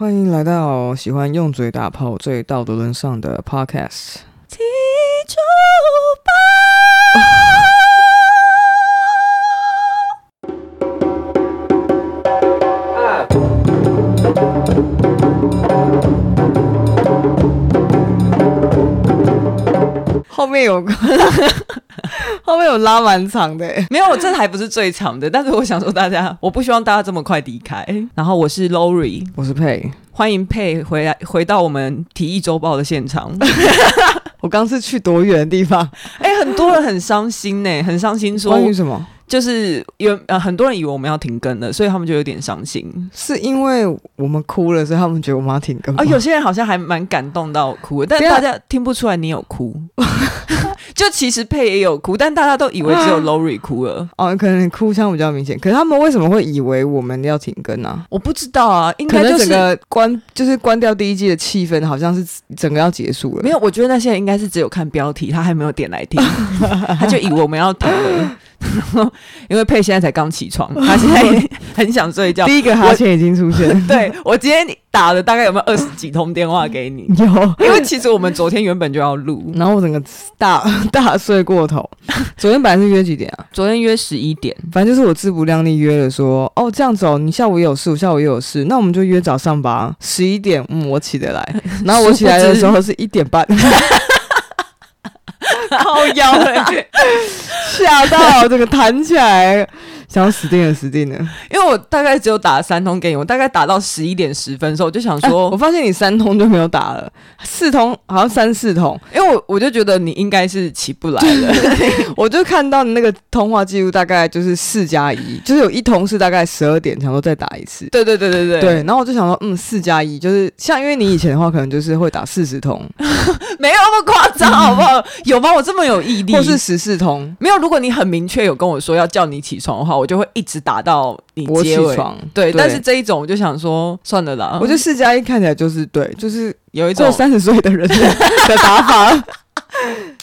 歡迎來到喜歡用嘴打炮、最道德淪喪的 podcast，哦啊。後面有個。 後面有拉蠻長的， 沒有，我這還不是最長的。但是我想說，大家，我不希望大家這麼快離開。然後我是 Lori，我是佩，歡迎佩回來，回到我們體液週報的現場。 我剛是去多遠的地方？哎、 欸，很多人很傷心呢，很傷心，說為什麼？就是有呃很多人以為我們要停更了，所以他們就有點傷心。是因為我們哭了，所以他們覺得我們要停更。啊、呃，有些人好像還蠻感動到哭了，但大家聽不出來你有哭。 就其實配也有哭，但大家都以為只有 Lori、啊、哭了。哦，可能哭腔比較明顯。可是他們為什麼會以為我們要停更呢、啊？我不知道啊，應該就是整個關就是關掉第一季的氣氛，好像是整個要結束了。沒有，我覺得那些人應該是只有看標題，他還沒有點來聽， 他就以為我們要停了。 因為佩現在才剛起床，他 現在也很想睡覺，第一個哈欠已經出現。我對我今天打了大概有沒有二十幾通電話給你？ 有，因為其實我們昨天原本就要錄， 然後我整個大大睡過頭。昨天本來是約幾點啊？昨天約十一點，反正就是我自不量力約了說，說哦這樣子哦，你下午也有事，我下午也有事，那我們就約早上吧，十一點，嗯，我起得來。 然後我起來的時候是一點半。 然後我搖回去，嚇到這個彈起來。 想要死定了，死定了！因為我大概只有打了三通給你，我大概打到十一點十分的時候，我就想說、欸，我發現你三通就沒有打了，四通好像三四通，因、欸、為我我就覺得你應該是起不來了。對對對 我就看到你那個通話記錄，大概就是四加一，就是有一通是大概十二點，想說再打一次。對對對對對，對。然後我就想說，嗯，四加一就是像，因為你以前的話，可能就是會打四十通， 沒有那麼誇張，好不好？嗯、有嗎？我這麼有毅力，或是十四通？沒有。如果你很明確有跟我說要叫你起床的話。我就會一直打到你結尾床對，對。但是這一種，我就想說，算了啦。我覺得四加一看起來就是對，就是有一種做三十歲的人的打法。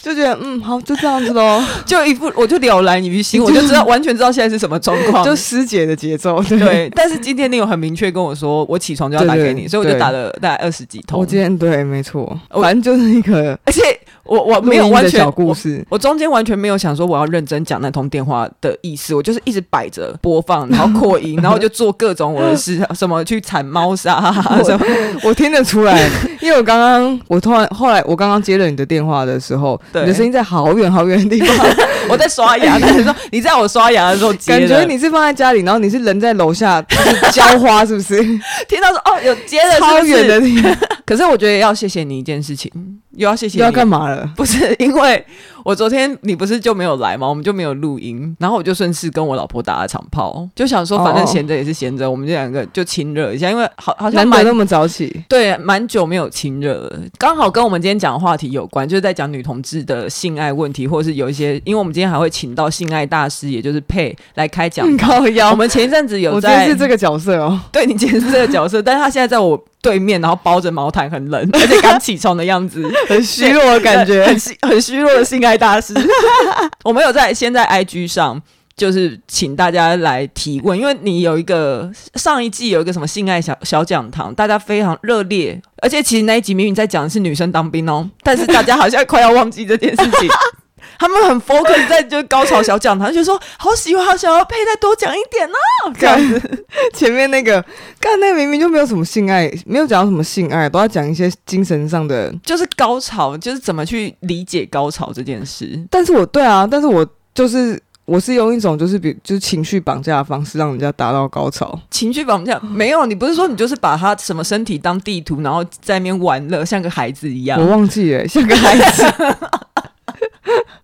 就覺得嗯，好，就這樣子嘍， 就一副我就了然於心，我就知道 完全知道現在是什麼狀況， 就師姐的節奏。對，對。但是今天你有很明確跟我說，我起床就要打給你。對對對，所以我就打了大概二十幾通。我今天對，沒錯，反正就是一個，而且我我沒有完全故事，我中間完全沒有想說我要認真講那通電話的意思，我就是一直擺着播放，然後擴音， 然後就做各種我的事 什麼去鏟貓砂什麼，我， 我聽得出來，yeah. 因為我剛剛我突然後來我剛剛接了你的電話的。的時候，對，你的聲音在好遠好遠的地方。 我在刷牙，你 說你在我刷牙的時候，感覺你是放在家裡，然後你是人在樓下澆、就是、花，是不是？ 聽到說哦，有接了，是是，超遠的地方 可是我覺得要謝謝你一件事情。嗯又要謝謝你，又要幹嘛了？不是，因為我昨天你不是就沒有來嗎？我們就沒有錄音，然後我就順勢跟我老婆打了場炮，就想說反正閒着也是閒着，哦哦，我們這兩個就親熱一下，因為好好像蠻，難得那麼早起，對，蠻久沒有親熱了，剛好跟我們今天講的話題有關，就是在講女同志的性愛問題，或是有一些，因為我們今天還會請到性愛大師，也就是佩來開講。高腰，我們前一陣子有在，我今天是這個角色哦，對你今天是這個角色，但是他現在在我。對面，然後包着毛毯，很冷，而且剛起床的樣子， 很虛弱的感覺， yeah, 很虛弱的性愛大師。 我們有在，先在 IG 上，就是請大家來提問，因為你有一個上一季有一個什麼性愛小小講堂，大家非常熱烈，而且其實那一集明明在講的是女生當兵哦，但是大家好像快要忘記這件事情。 他們很 focus 在就是高潮小講堂，就 說好喜歡，好想要配再，多講一點呢、啊。這樣子，前面那個，剛才那個、明明就沒有什麼性愛，沒有講到什麼性愛，都要講一些精神上的，就是高潮，就是怎麼去理解高潮這件事。但是我對啊，但是我就是我是用一種就是比就是情緒綁架的方式，讓人家達到高潮。情緒綁架沒有，你不是說你就是把他什麼身體當地圖，然後在那邊玩樂，像個孩子一樣。我忘記了，像個孩子。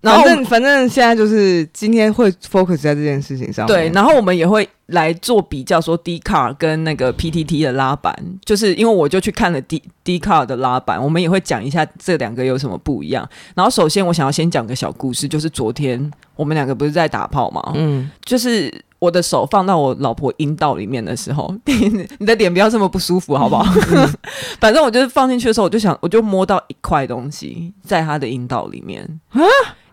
反正反正現在就是今天會 focus 在這件事情上，事情上，對。然後我們也會來做比較，說 Dcard 跟那個 PTT 的拉板，嗯，就是因為我就去看了 D Dcard 的拉板，我們也會講一下這兩個有什麼不一樣。然後首先我想要先講個小故事，就是昨天我們兩個不是在打炮嘛，嗯，就是。我的手放到我老婆陰道裡面的時候，你的臉不要這麼不舒服，好不好？嗯、 反正我就是放進去的時候，我就想，我就摸到一塊東西在她的陰道裡面、啊、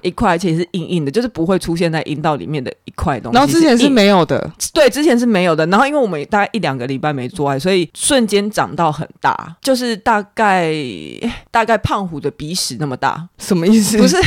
一塊，而且是硬硬的，就是不會出現在陰道裡面的一塊東西。然後之前是沒有的，對，之前是沒有的。然後因為我們大概一兩個禮拜沒做愛，所以瞬間長到很大，就是大概大概胖虎的鼻屎那麼大，什麼意思？不是。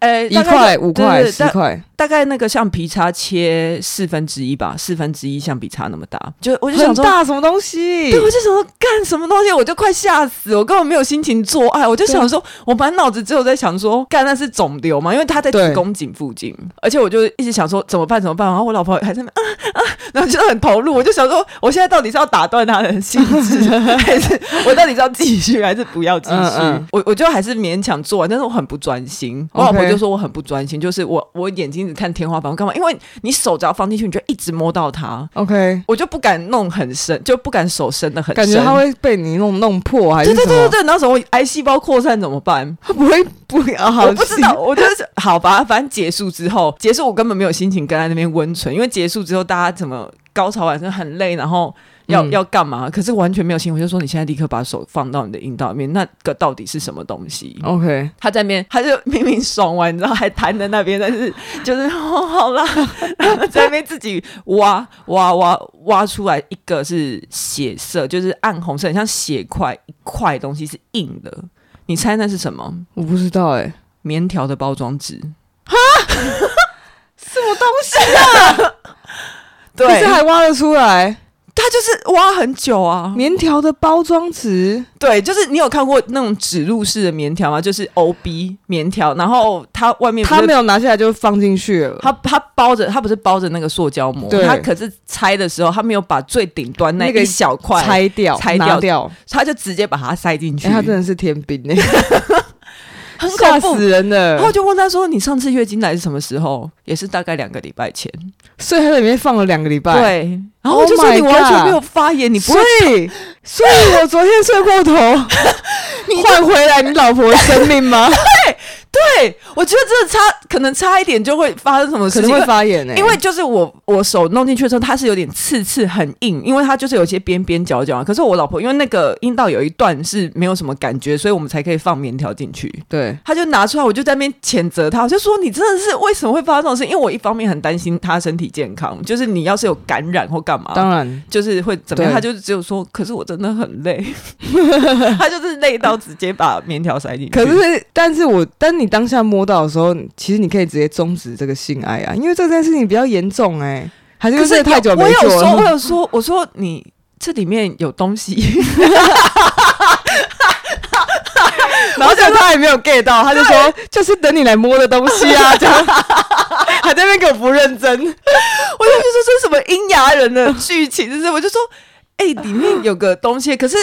哎、欸，一塊、五塊、十塊，大概那個橡皮擦切四分之一吧，四分之一橡皮擦那麼大，就我就想大什麼東西，對，我就想說幹什麼東西，我就快嚇死，我根本沒有心情做愛，我就想說，我滿腦子只有在想說，幹那是腫瘤嗎？因為他在子宮頸附近，而且我就一直想說怎麼辦怎麼辦，然後我老婆還在那啊啊，然後就很投入，我就想說，我現在到底是要打斷他的心思 還是我到底是要繼續還是不要繼續？嗯嗯、我我就還是勉強做，但是我很不專心，我老婆。就說我很不專心，就是我我眼睛只看天花板，我幹嘛？因為你手只要放進去，你就一直摸到它。OK，我就不敢弄很深，就不敢手伸得很深，感覺它會被你弄弄破還是什麼？對對對對對，然後什麼癌細胞擴散怎麼辦？它不會不會啊？我不知道，我就是，好吧，反正結束之後，結束我根本沒有心情跟在那邊溫存，因為結束之後大家怎麼高潮晚上很累，然後。要要幹嘛？可是完全沒有信，我就說，你現在立刻把手放到你的陰道裡面，那個到底是什麼東西？OK，他在那邊，他就明明爽完，你知道還彈在那邊，但是就是、 哦、好辣，然後在那邊自己挖挖挖挖出來一個，是血色，就是暗紅色，很像血塊，一塊東西是硬的。你猜那是什麼？我不知道哎、欸，棉條的包裝紙哈， 什麼東西啊？ 對，可是還挖得出來。它就是挖很久啊，棉條的包裝紙，對，就是你有看過那種指入式的棉條嗎？就是 O B 棉條，然後它外面不它沒有拿下來就放進去了，它它包着，它不是包着那個塑膠膜，對，它可是拆的時候，它沒有把最頂端那一小塊拆、那個、拆掉，拆掉掉，它就直接把它塞進去、欸，它真的是天兵呢、欸。 很嚇死人的，然後就問他說：“你上次月經來是什麼時候？也是大概兩個禮拜前，所以他在裡面放了兩個禮拜，對。然後就是你完全沒有發炎、oh，你不會，所以所以，所以我昨天睡過頭，換 回來你老婆的生命嗎？ 對，對我覺得這是差。”可能差一點就會發生什麼事情？可能會發炎、欸、因為就是我我手弄進去的時候，它是有點刺刺很硬，因為它就是有些邊邊角角、啊。可是我老婆因為那個陰道有一段是沒有什麼感覺，所以我們才可以放棉條進去。對，他就拿出來，我就在那邊譴責他，我就說你真的是為什麼會發生這種事？因為我一方面很擔心他身體健康，就是你要是有感染或幹嘛，當然就是會怎麼樣。他就只有說，可是我真的很累，他 就是累到直接把棉條塞進去。可是，但是我當你當下摸到的時候，其實。你可以直接終止這個性愛啊，因為這件事情比較嚴重哎、欸，還是不是太久沒做了，有時我有說，我說你這裡面有東西， 然後就他也沒有 get 到，他就說就是等你來摸的東西啊，這樣，還 在、 啊、那邊給我不認真， 我就說這什麼陰陽人的劇情， 就是我就說，哎、欸，裡面有個東西， 可是。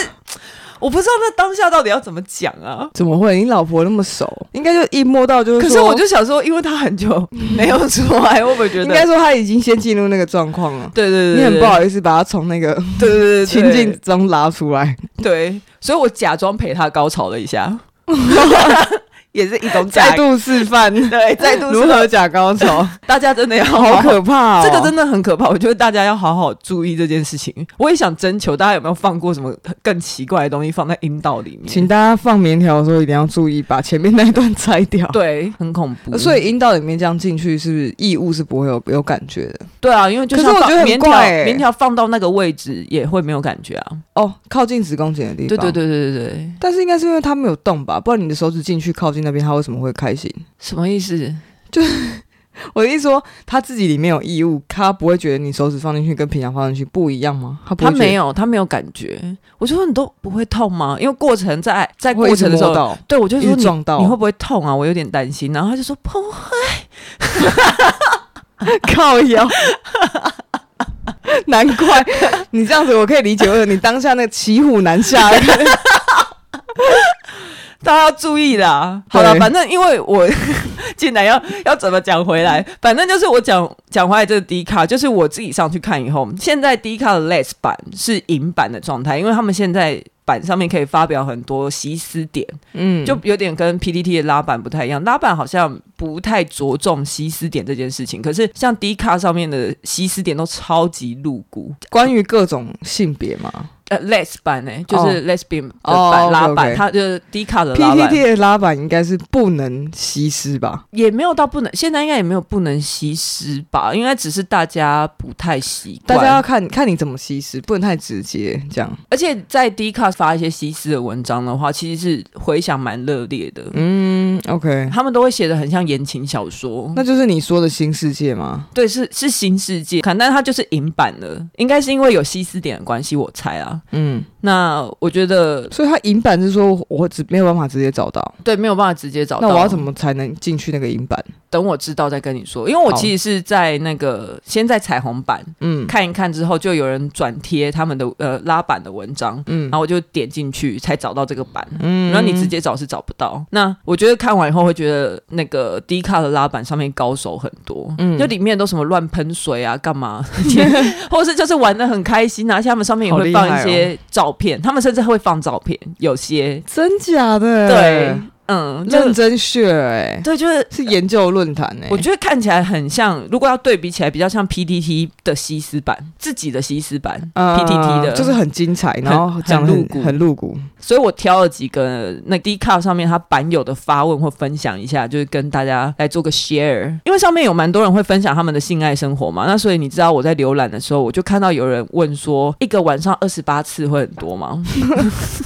我不知道那當下到底要怎麼講啊？怎麼會？你老婆那麼熟，應該就一摸到就是。可是我就想說，因為他很久沒有出來， 我本覺得應該說他已經先進入那個狀況了。對對，對對對，你很不好意思把他從那個對對對，對，對情境中拉出來。對，所以我假裝陪他高潮了一下。 也是一種再度示範， 對，再度如何假高潮？ 大家真的好,也好可怕、哦，這個真的很可怕。我覺得大家要好好注意這件事情。我也想徵求大家有沒有放過什麼更奇怪的東西放在陰道裡面？請大家放棉條的時候一定要注意，把前面那一段摘掉。對，很恐怖。所以陰道裡面這樣進去是不是異物，是不會有有感覺的。對啊，因為就可是我覺得棉條、欸，棉條放到那個位置也會沒有感覺啊。哦，靠近子宮頸的地方。對對對對對對。但是應該是因為它沒有動吧？不然你的手指進去靠近。那邊他為什麼會開心？什麼意思？就是我的意思說，他自己裡面有異物，他不會覺得你手指放進去跟平常放進去不一樣嗎他？他沒有，他沒有感覺、欸。我就說你都不會痛嗎？因為過程在在過程的時候，到對我就說你撞到你，你會不會痛啊？我有點擔心。然後他就說不會， 靠腰。 難怪你這樣子，我可以理解了。你當下那個騎虎難下的。 大家要注意啦，好啦，反正因為我進來要要怎麼講回來，反正就是我講講回來的這個 Dcard，就是我自己上去看以後，現在 Dcard 的 Les 版是淫版的狀態，因為他們現在版上面可以發表很多西斯點，嗯，就有點跟 PTT 的拉板不太一樣，拉板好像不太着重西斯點這件事情，可是像 Dcard 上面的西斯點都超級露骨，關於各種性別嘛。呃、uh，Les 版呢，欸，oh, 就是 lesbian 的版，oh, okay, 拉板，它，okay. 就是 D 卡的 PPT 的拉板應該是不能西斯吧？也沒有到不能，現在應該也沒有不能西斯吧？應該只是大家不太習慣，大家要看看你怎麼西斯，不能太直接這樣。而且在 D 卡發一些西斯的文章的話，其實是迴響蠻熱烈的。嗯。OK，他們都會寫的很像言情小說。那就是你說的新世界嗎？對，是是新世界，看，但是它就是隱版的，應該是因為有西斯點的關係，我猜啊。嗯，那我覺得，所以它隱版是說我只沒有辦法直接找到，對，沒有辦法直接找到。那我要怎麼才能進去那個隱版？等我知道再跟你說，因為我其實是在那個先在彩虹版嗯看一看之後，就有人轉貼他們的呃拉板的文章，嗯，然後我就點進去才找到這個版，嗯，然後你直接找是找不到。那我覺得。看完以後會覺得那個低卡的拉板上面高手很多，嗯，就裡面都什麼亂噴水啊，幹嘛， 或是就是玩得很開心啊，而且他們上面也會放一些照片，哦、他們甚至會放照片，有些真假的，對。嗯，認真學哎、欸，對，就是是研究論壇哎，我覺得看起來很像，如果要對比起來，比較像 PTT 的西斯版，自己的西斯版 PTT、呃、的，就是很精彩，然後很露骨，很露骨。所以我挑了幾個那 D 卡上面，他版友的發問或分享一下，就是跟大家來做個 share，因為上面有蠻多人會分享他們的性愛生活嘛。那所以你知道我在瀏覽的時候，我就看到有人問說，一個晚上二十八次會很多嗎？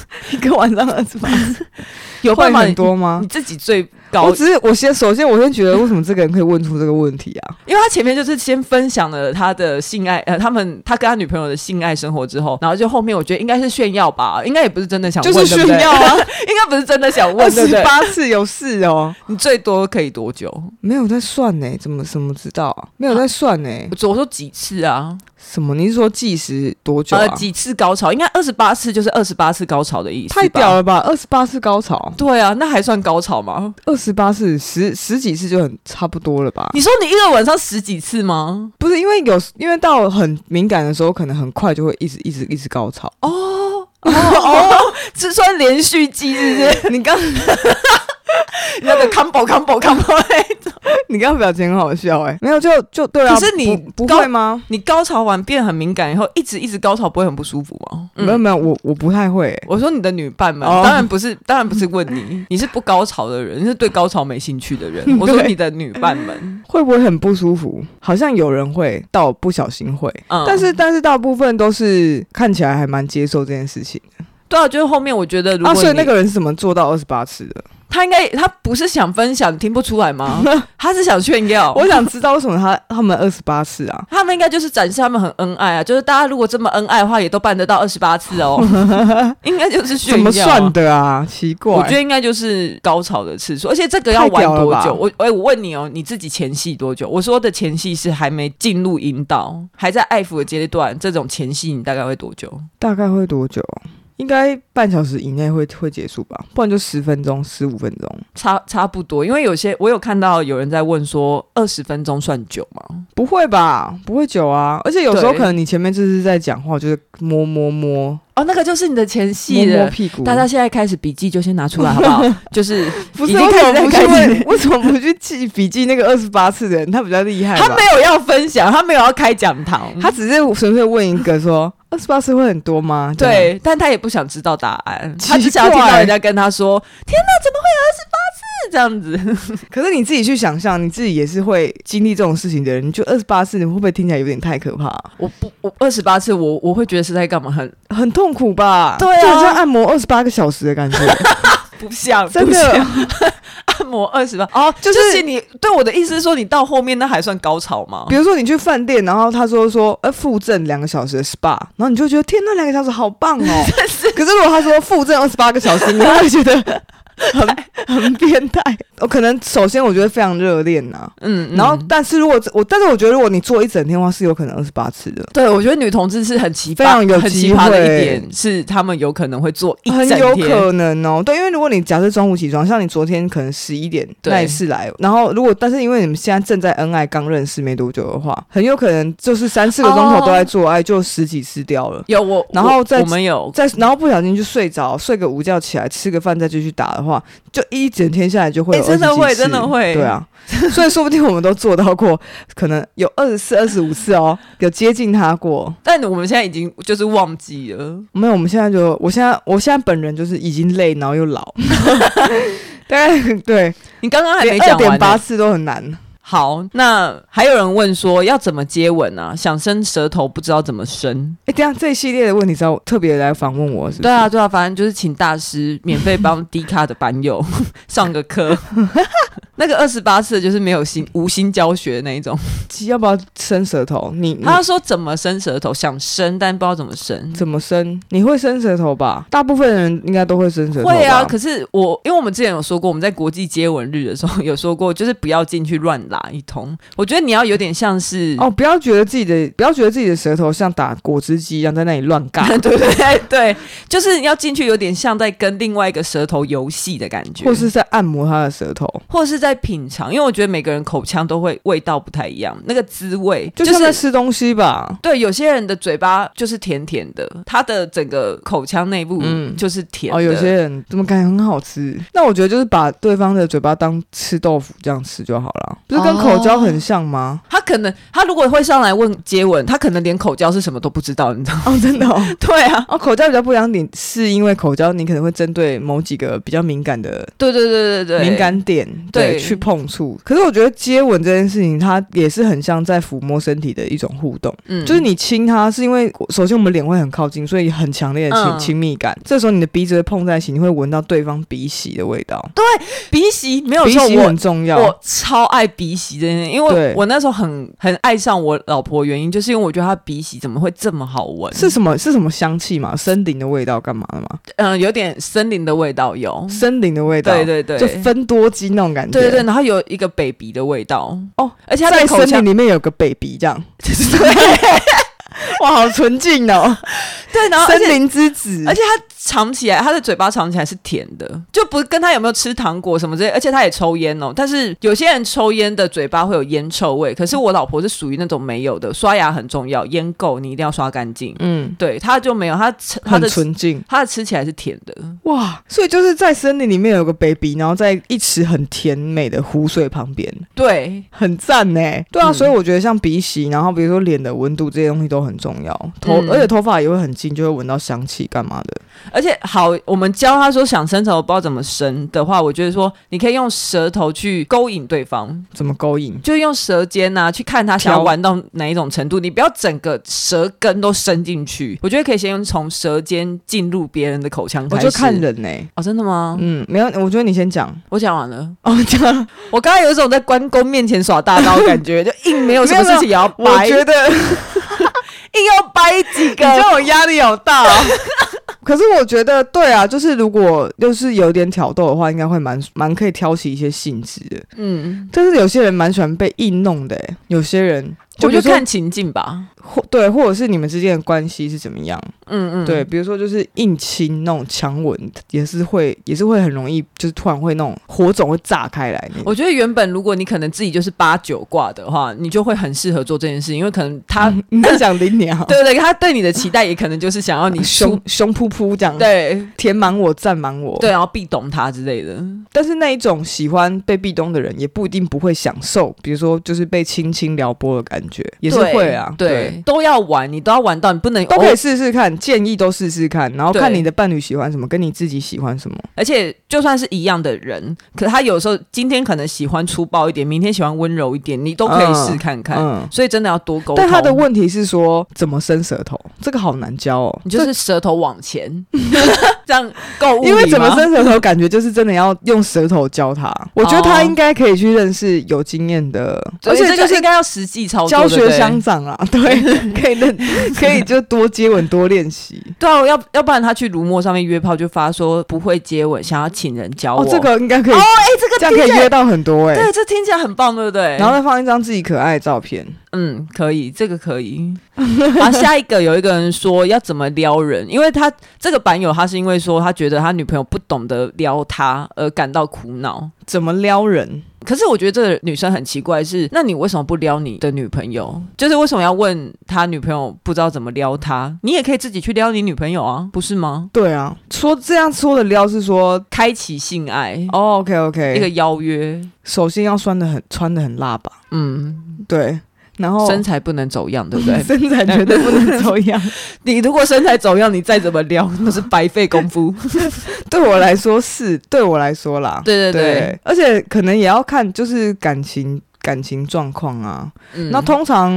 一個晚上二十八次， 有辦法會多？你自己最。我只是我先首先我先覺得為什麼這個人可以問出這個問題啊？ 因為他前面就是先分享了他的性愛呃，他們他跟他女朋友的性愛生活之後，然後就後面我覺得應該是炫耀吧，應該也不是真的想問就是炫耀啊，對對 應該不是真的想問對不對？二十八次有事哦， 你最多可以多久？沒有在算呢、欸，怎麼怎麼知道啊？沒有在算呢、欸啊，我昨天說幾次啊？什麼？你是說計時多久、啊呃？幾次高潮？應該二十八次就是二十八次高潮的意思，太屌了吧？二十八次高潮？對啊，那還算高潮嗎？二。十八次十十幾次就很差不多了吧？你說你一個晚上十幾次嗎？不是，因為有因為到很敏感的時候，可能很快就會一直一直一直高潮哦哦哦，這、哦 哦、 算連續記是不是？ 你剛。 那個 combo combo combo，你剛剛表情很好笑哎，欸，沒有就就對啊，可是你不，不會嗎？你高潮完變很敏感以後，一直一直高潮不會很不舒服嗎？嗯、沒有沒有，我我不太會。欸。我說你的女伴們，哦，當然不是，當然不是問你，你是不高潮的人， 你是對高潮沒興趣的人。 我說你的女伴們會不會很不舒服？好像有人會，到不小心會，嗯、但是但是大部分都是看起來還蠻接受這件事情的。對啊，就是後面我覺得如果，啊，所以那個人是怎麼做到二十八次的？他應該他不是想分享，聽不出來嗎？ 他是想炫耀。我想知道為什麼他他們二十八次啊？ 他們應該就是展示他們很恩愛啊！就是大家如果這麼恩愛的話，也都辦得到二十八次哦。 應該就是炫耀啊。怎麼算的啊？奇怪，我覺得應該就是高潮的次數，而且這個要玩多久？我哎，欸、我問你哦，你自己前戲多久？我說的前戲是還沒進入陰道，還在愛撫的階段，這種前戲你大概會多久？大概會多久？應該半小時以內會會結束吧，不然就十分鐘、十五分鐘，差差不多。因為有些我有看到有人在問說，二十分鐘算久嗎？不會吧，不會久啊。而且有時候可能你前面就是在講話，就是摸摸摸。摸哦、那個就是你的前戲的摸摸，大家現在開始筆記就先拿出來好不好？ 就是不是開始在問 為， 為什麼不去記筆記？那個二十八次的人他比較厲害，他沒有要分享，他沒有要開講堂、嗯，他只是純粹問一個說二十八次會很多嗎？對，對，但他也不想知道答案，他只想要聽到人家跟他說：天哪、啊，怎麼會有二十八？是這樣子，可是你自己去想象你自己也是會經歷這種事情的人。你就二十八次，你會不會聽起來有點太可怕？我不，我二十八次我，我我會覺得是在幹嘛很，很很痛苦吧？對啊，就好像按摩二十八個小時的感覺， 不像，真的按摩二十八。哦，就是、就是、你對我的意思是說，你到後面那還算高潮嗎？比如說你去飯店，然後他說說，呃，附贈兩個小時的 SPA，然後你就覺得天，那兩個小時好棒哦。 可是如果他說附贈二十八個小時，你會覺得？ 很很變態， 我可能首先我覺得非常熱戀吶，嗯，然後、嗯、但是如果我但是我覺得如果你做一整天的話，是有可能二十八次的。對，我覺得女同志是很奇葩，非常有奇葩的一點是，他們有可能會做一整天，很有可能哦，對，因為如果你假設中午起床，像你昨天可能十一點那一次來，然後如果但是因為你們現在正在恩愛，剛認識沒多久的話，很有可能就是三四個鐘頭都在做愛，oh, 哎，就十幾次掉了。有我，然後再我們有，再然後不小心就睡着，睡個午覺起來吃個飯再繼續打的話。就一整天下來就會有、欸、真的會真的會對啊， 所以說不定我們都做到過， 可能有二十四、二十五次哦，有接近他過，但我們現在已經就是忘記了，沒有。我們現在就我現在我現在本人就是已經累，然後又老，大 概 對，對。你剛剛還沒講完，二十八次都很難。好，那還有人問說要怎麼接吻呢、啊？想伸舌頭不知道怎麼伸。哎、欸，這樣這一系列的問題，知道特別來訪問我，是吧？對啊，對啊，最好反正就是請大師免費幫 Dcard 的板友 上個課課。 那個二十八次的就是沒有心無心教學的那一種，雞要不要伸舌頭？你，你他就說怎麼伸舌頭？想伸但不知道怎麼伸？怎麼伸？你會伸舌頭吧？大部分人應該都會伸舌頭吧？會啊。可是我因為我們之前有說過，我們在國際接吻日的時候有說過，就是不要進去亂拉一通。我覺得你要有點像是哦，不要覺得自己的不要覺得自己的舌頭像打果汁機一樣在那裡亂幹， 對不對？對，就是你要進去有點像在跟另外一個舌頭遊戲的感覺，或是在按摩他的舌頭，或者是在。在品嚐，因為我覺得每個人口腔都會味道不太一樣，那個滋味就像，就是在吃東西吧。對，有些人的嘴巴就是甜甜的，他的整個口腔內部就是甜的、嗯。哦，有些人怎麼感覺很好吃。那我覺得就是把對方的嘴巴當吃豆腐這樣吃就好了，不是跟口交很像嗎？哦、他可能他如果會上來問接吻，他可能連口交是什麼都不知道，你知道嗎？哦、真的、哦， 對啊。哦，口交比較不良點是因為口交你可能會針對某幾個比較敏感的敏感，對對對對對，敏感點對。對對去碰觸，可是我覺得接吻這件事情，它也是很像在撫摸身體的一種互動。嗯，就是你親它是因為首先我們臉會很靠近，所以很強烈的親親、嗯、密感。這時候你的鼻子會碰在一起，你會聞到對方鼻息的味道。對，鼻息沒有錯，鼻息很重要。我,我超愛鼻息這件事，因為我那時候很很愛上我老婆，原因就是因為我覺得她鼻息怎麼會這麼好聞？是什麼是什麼香氣嗎？森林的味道幹嘛的嗎？嗯、呃，有點森林的味道有，有森林的味道。對對對，就芬多精那種感覺。對，對對，然後有一個 baby 的味道哦，而且他在森林裡面有個 baby，這樣就是， 哇，好純淨哦！對，然後森林之子，而且，而且他。嘗起來，他的嘴巴嘗起來是甜的，就不跟他有沒有吃糖果什麼之類，而且他也抽煙哦。但是有些人抽煙的嘴巴會有煙臭味，可是我老婆是屬於那種沒有的。刷牙很重要，煙垢你一定要刷乾淨。嗯，對，他就沒有，他吃他的純淨，他的吃起來是甜的。哇，所以就是在森林裡面有個 baby，然後在一池很甜美的湖水旁邊，對，很讚耶。對啊、嗯，所以我覺得像鼻息，然後比如說臉的溫度這些東西都很重要。頭，嗯，而且頭髮也會很近，就會聞到香氣幹嘛的。而且好，我們教他說，想伸舌頭不知道怎麼伸的話，我覺得說你可以用舌頭去勾引對方。怎麼勾引？就用舌尖吶、啊，去看他想要玩到哪一種程度。你不要整個舌根都伸進去。我覺得可以先從舌尖進入別人的口腔開始。我就看人呢、欸，哦，真的嗎？嗯，沒有。我覺得你先講，我講完了。哦， 這我剛剛有一種在關公面前耍大刀的感覺，就硬沒有什麼事情也要掰。沒有沒有，我覺得 硬要掰幾個。覺得我壓力有大、啊。 可是我覺得對啊，就是如果又是有點挑逗的話，應該會蠻蠻可以挑起一些興致的。嗯，但是有些人蠻喜歡被硬弄的，欸，有些人我就看情境吧。或對，或者是你們之間的關係是怎麼樣？嗯嗯，對，比如說就是硬親那種強吻，也是會，也是會很容易，就是突然會那種火種會炸開來你。我覺得原本如果你可能自己就是八九卦的話，你就會很適合做這件事情，因為可能他他、嗯、想林鳥， 對對，他對你的期待也可能就是想要你胸胸、呃、撲撲這樣，對，填滿我，占滿我，對，然後壁咚他之類的。但是那一種喜歡被壁咚的人，也不一定不會享受，比如說就是被輕輕撩撥的感覺，也是會啊，對。對都要玩，你都要玩到，你不能都可以試試看、哦，建議都試試看，然後看你的伴侶喜歡什麼，跟你自己喜歡什麼。而且就算是一樣的人，可他有時候今天可能喜歡粗暴一點，明天喜歡溫柔一點，你都可以試看看、嗯嗯。所以真的要多溝通。但他的問題是說怎麼伸舌頭，這個好難教哦。你就是舌頭往前這， 這樣夠物理嗎？因為怎麼伸舌頭，感覺就是真的要用舌頭教他。我覺得他應該可以去認識有經驗的、哦，而且這個應該要實際操作，教學相長啊。對。可以認，可以就多接吻多練習。 對啊，要要不然他去如墨上面約炮，就發說不會接吻，想要請人教我。哦、這個應該可以哦，哎、欸，這個這樣可以約到很多哎、欸。對，這聽起來很棒，對不對？然後再放一張自己可愛的照片。嗯，可以，這個可以。然後、 啊、下一個有一個人說要怎麼撩人，因為他這個版友他是因為說他覺得他女朋友不懂得撩他而感到苦惱，怎麼撩人？可是我覺得這個女生很奇怪是，是那你為什麼不撩你的女朋友？就是為什麼要問他女朋友不知道怎麼撩他？你也可以自己去撩你女朋友啊，不是嗎？對啊，說這樣說的撩是說開啟性愛，Oh，OK OK，一個邀約，首先要酸得很穿得很穿得很辣吧？嗯，對。然後身材不能走樣，對不對？ 身材絕對不能走樣。 你如果身材走樣，你再怎麼撩，那 是白費功夫。 對我來說是，對我來說啦。對對對，對而且可能也要看，就是感情。感情狀況啊、嗯，那通常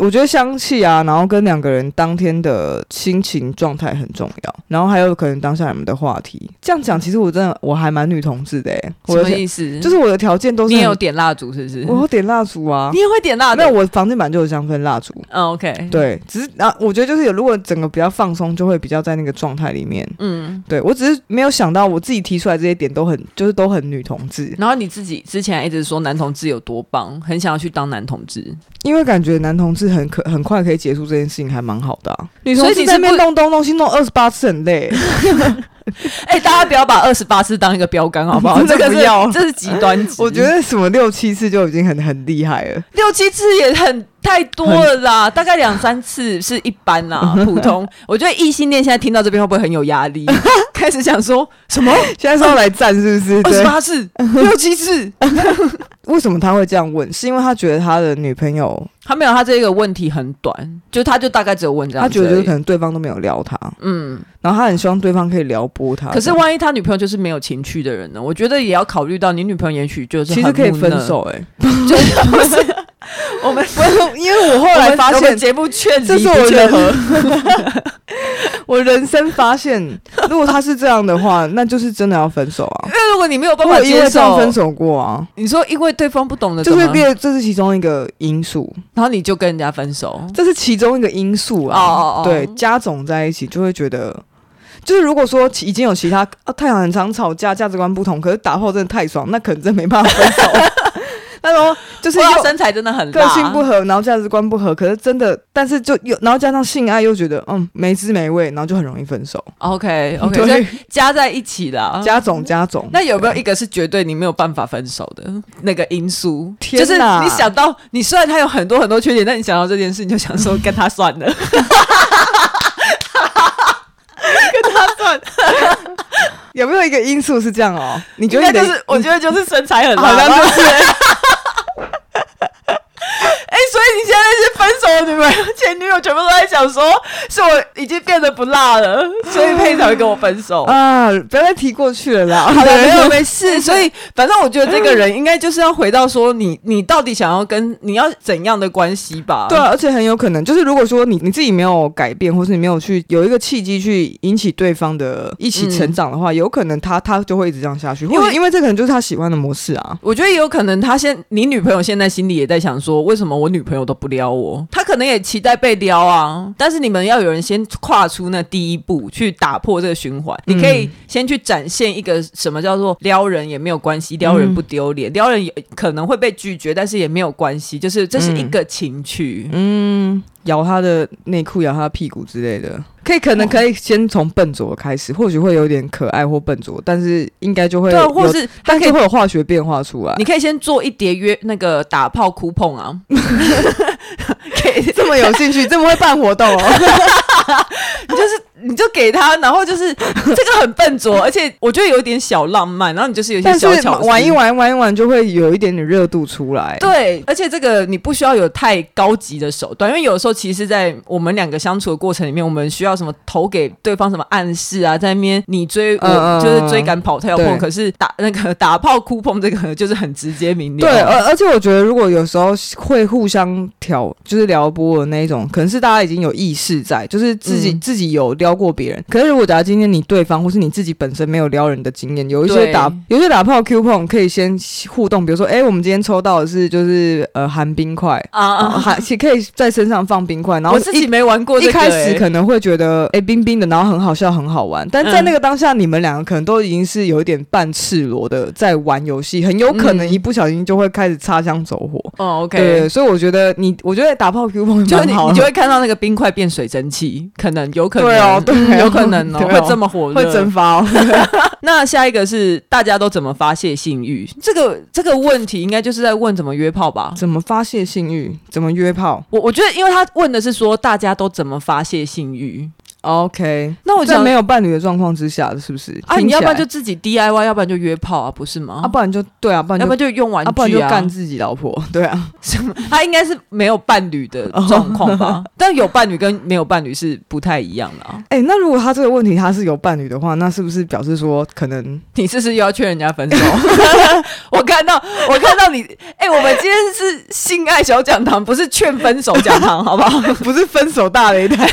我覺得香氣啊，然後跟兩個人當天的心情狀態很重要，然後還有可能當下你們的話題。這樣講，其實我真的我還蠻女同志的、欸。我的，什麼意思？就是我的條件都是你也有點蠟燭，是不是？我有點蠟燭啊，你也會點蠟燭？那我房間本就有香氛蠟燭。Oh, OK，對，只是然後、啊、我覺得就是有，如果整個比較放鬆，就會比較在那個狀態裡面。嗯，對我只是沒有想到，我自己提出來這些點都很就是都很女同志。然後你自己之前一直說男同志有多棒。很想要去當男同志，因為感覺男同志很可，很快可以結束這件事情，還蠻好的、啊。所以你說你在那邊弄東弄西弄二十八次很累。哎、 欸，大家不要把二十八次當一個標杆，好不好？ 這個是 這是極端。我覺得什麼六七次就已經很很厲害了，六七次也很。太多了啦，大概兩三次是一般啦， 普通。我覺得異性戀現在聽到這邊會不會很有壓力？ 開始想說什麼？現在是要來戰是不是？二十八次， 六七次。 為什麼他會這樣問？是因為他覺得他的女朋友他沒有他這個問題很短，就他就大概只有問這樣。他覺得就可能對方都沒有撩他，嗯。然後他很希望對方可以撩撥他。可是萬一他女朋友就是沒有情趣的人呢？我覺得也要考慮到，你女朋友也許就是其實可以分手，欸，哎，就不是。我們不，因為我後來發現節 目缺，這是我的，我人生發現，如果他是這樣的話，那就是真的要分手啊！ 因為如果你沒有辦法接受，分手過啊？你說因為對方不懂得的，這是這是其中一個因素。然後你就跟人家分手，這是其中一個因素啊。哦哦哦對，加總在一起就會覺得，就是如果說已經有其他、啊、太陽很常吵架，價值觀不同，可是打炮真的太爽，那可能真沒辦法分手。 他說、哦,就是身材真的很辣。個性不合，然後價值觀不合，可是真的，但是就有，然後加上性愛又覺得嗯沒滋沒味，然後就很容易分手。OK OK，所以加在一起啊，加總加總。那有沒有一個是絕對你沒有辦法分手的那個因素？天哪！就是你想到你雖然他有很多很多缺點，但你想到這件事你就想說跟他算了， 跟他算 有沒有一個因素是這樣哦？你覺得你就是我覺得就是身材很，好像就是。 那你現在就。分手的女，你們前女友全部都在想說是我已經變得不辣了，所以他才會跟我分手啊、 呃！不要再提過去了啦，好的， 沒有沒事。 所以反正我覺得這個人應該就是要回到說你你到底想要跟你要怎樣的關係吧？對、啊，而且很有可能就是如果說你你自己沒有改變，或是你沒有去有一個契機去引起對方的一起成長的話，有可能他他就會一直這樣下去。因為或者因為這可能就是他喜歡的模式啊。我覺得也有可能他現你女朋友現在心裡也在想說為什麼我女朋友都不撩我。他可能也期待被撩啊，但是你們要有人先跨出那第一步，去打破這個循環，嗯。你可以先去展現一個什麼叫做撩人也沒有關係，嗯，撩人不丟臉，撩人也可能會被拒絕，但是也沒有關係，就是這是一個情趣，嗯，咬，嗯，他的內褲，咬他的屁股之類的。可以，可能可以先從笨拙開始，或許會有點可愛或笨拙，但是應該就會對，或是但可以但會有化學變化出來。你可以先做一疊約那個打炮哭碰啊， 這麼有興趣， 這麼會辦活動，哦， 你就是。你就給他，然後就是 這個很笨拙，而且我覺得有點小浪漫。然後你就是有些小巧思玩一玩，玩一玩就會有一點點熱度出來。對，而且這個你不需要有太高級的手段，因為有時候其實，在我們兩個相處的過程裡面，我們需要什麼投給對方什麼暗示啊，在那邊你追我嗯嗯嗯，就是追趕跑跳碰，可是打那個打炮哭碰這個可能就是很直接明了。對，而而且我覺得如果有時候會互相挑，就是撩撥的那一種，可能是大家已經有意識在，就是自己、嗯、自己有撩。撩過別人，可是如果假如今天你對方或是你自己本身沒有撩人的經驗，有一些打有些打炮 Q 碰可以先互動，比如說哎、欸，我們今天抽到的是就是呃含冰塊啊，還、呃、可以在身上放冰塊，然後我自己沒玩過、欸，一開始可能會覺得哎、欸、冰冰的，然後很好笑很好玩，但在那個當下、嗯、你們兩個可能都已經是有一點半赤裸的在玩遊戲，很有可能一不小心就會開始擦槍走火哦，OK，、嗯、所以我覺得你我覺得打炮 Q 碰就你，你就會看到那個冰塊變水蒸氣，可能有可能。對啊。 有可能哦， 哦，會這麼火，會蒸發哦。 那下一個是大家都怎麼發洩性慾？這個這個問題應該就是在問怎麼約炮吧？ 怎麼發洩性慾？怎麼約炮？我我覺得，因為他問的是說大家都怎麼發洩性慾。Oh, OK，那我在沒有伴侶的狀況之下，是不是啊？你要不然就自己 DIY，要不然就約炮啊，不是嗎？啊，不然就對啊，不然要不然就用玩具啊，要不然就幹自己老婆，對啊。 他應該是沒有伴侶的狀況吧？ 但有伴侶跟沒有伴侶是不太一樣的。啊。哎、欸，那如果他這個問題他是有伴侶的話，那是不是表示說，可能你是不是又要勸人家分手？ 我看到我看到你，哎、 欸，我們今天是性愛小講堂，不是勸分手講堂，好不好？ 不是分手大擂台。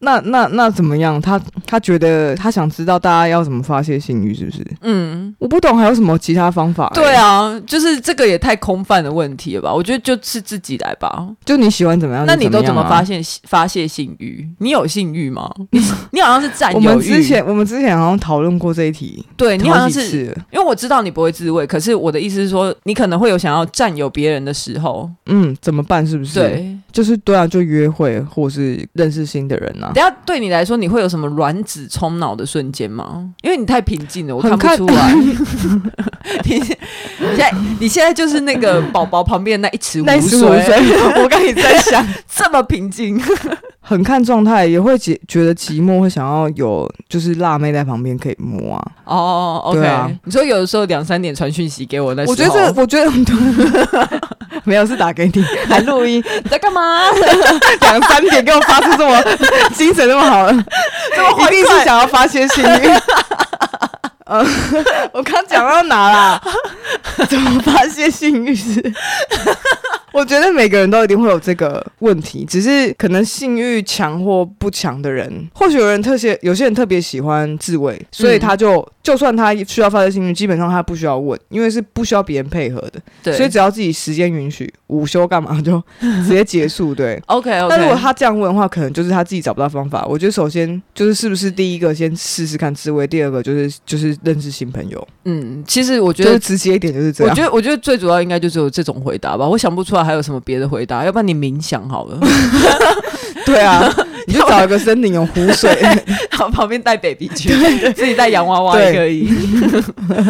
那那那怎麼樣？他他覺得他想知道大家要怎麼發洩性欲，是不是？嗯，我不懂還有什麼其他方法欸。對啊，就是這個也太空泛的問題了吧？我覺得就是自己來吧。就你喜歡怎麼樣？那你都怎麼、啊、發洩發洩性欲？你有性欲嗎？你 你好像是佔有欲。 我們之前我們之前好像討論過這一題。對，你好像是，因為我知道你不會自慰，可是我的意思是說，你可能會有想要佔有別人的時候。嗯，怎麼辦？是不是？對，就是對啊，就約會或是認識新的人啊。等下，對你來說，你會有什麼卵子衝腦的瞬間嗎？因為你太平靜了，我看不出來。 你現在你現在就是那個寶寶旁邊那一池水，那池水， 我剛也在想， 這麼平靜，很看狀態，也會覺覺得寂寞，會想要有就是辣妹在旁邊可以摸啊。哦、oh,，o、okay. 啊。你說有的時候兩三點傳訊息給我那時候，那我覺得這我覺得。 沒有是打給你，還錄音？你 在幹幹嘛？兩 三點給我發出這麼 精神，這麼好， 這麼壞壞，一定是想要發洩性慾。 我剛講到哪了、啊？ 怎麼發洩性欲是？ 我覺得每個人都一定會有這個問題，只是可能性慾強或不強的人，或許有人特些，有些人特別喜歡自慰，所以他就、嗯、就算他需要發洩性慾，基本上他不需要問，因為是不需要別人配合的，對，所以只要自己時間允許，午休幹嘛就直接結束，對 ，OK, okay。但如果他這樣問的話，可能就是他自己找不到方法。我覺得首先就是是不是第一個先試試看自慰，第二個就是就是認識新朋友。嗯，其實我覺得、就是、直接一點就是這樣。我覺得我覺得最主要應該就是有這種回答吧，我想不出來。還有什麼別的回答？要不然你冥想好了， 對啊，你就找一個森林有湖水， 好，旁邊帶 baby 去，對對對，自己帶洋娃娃也可以，對，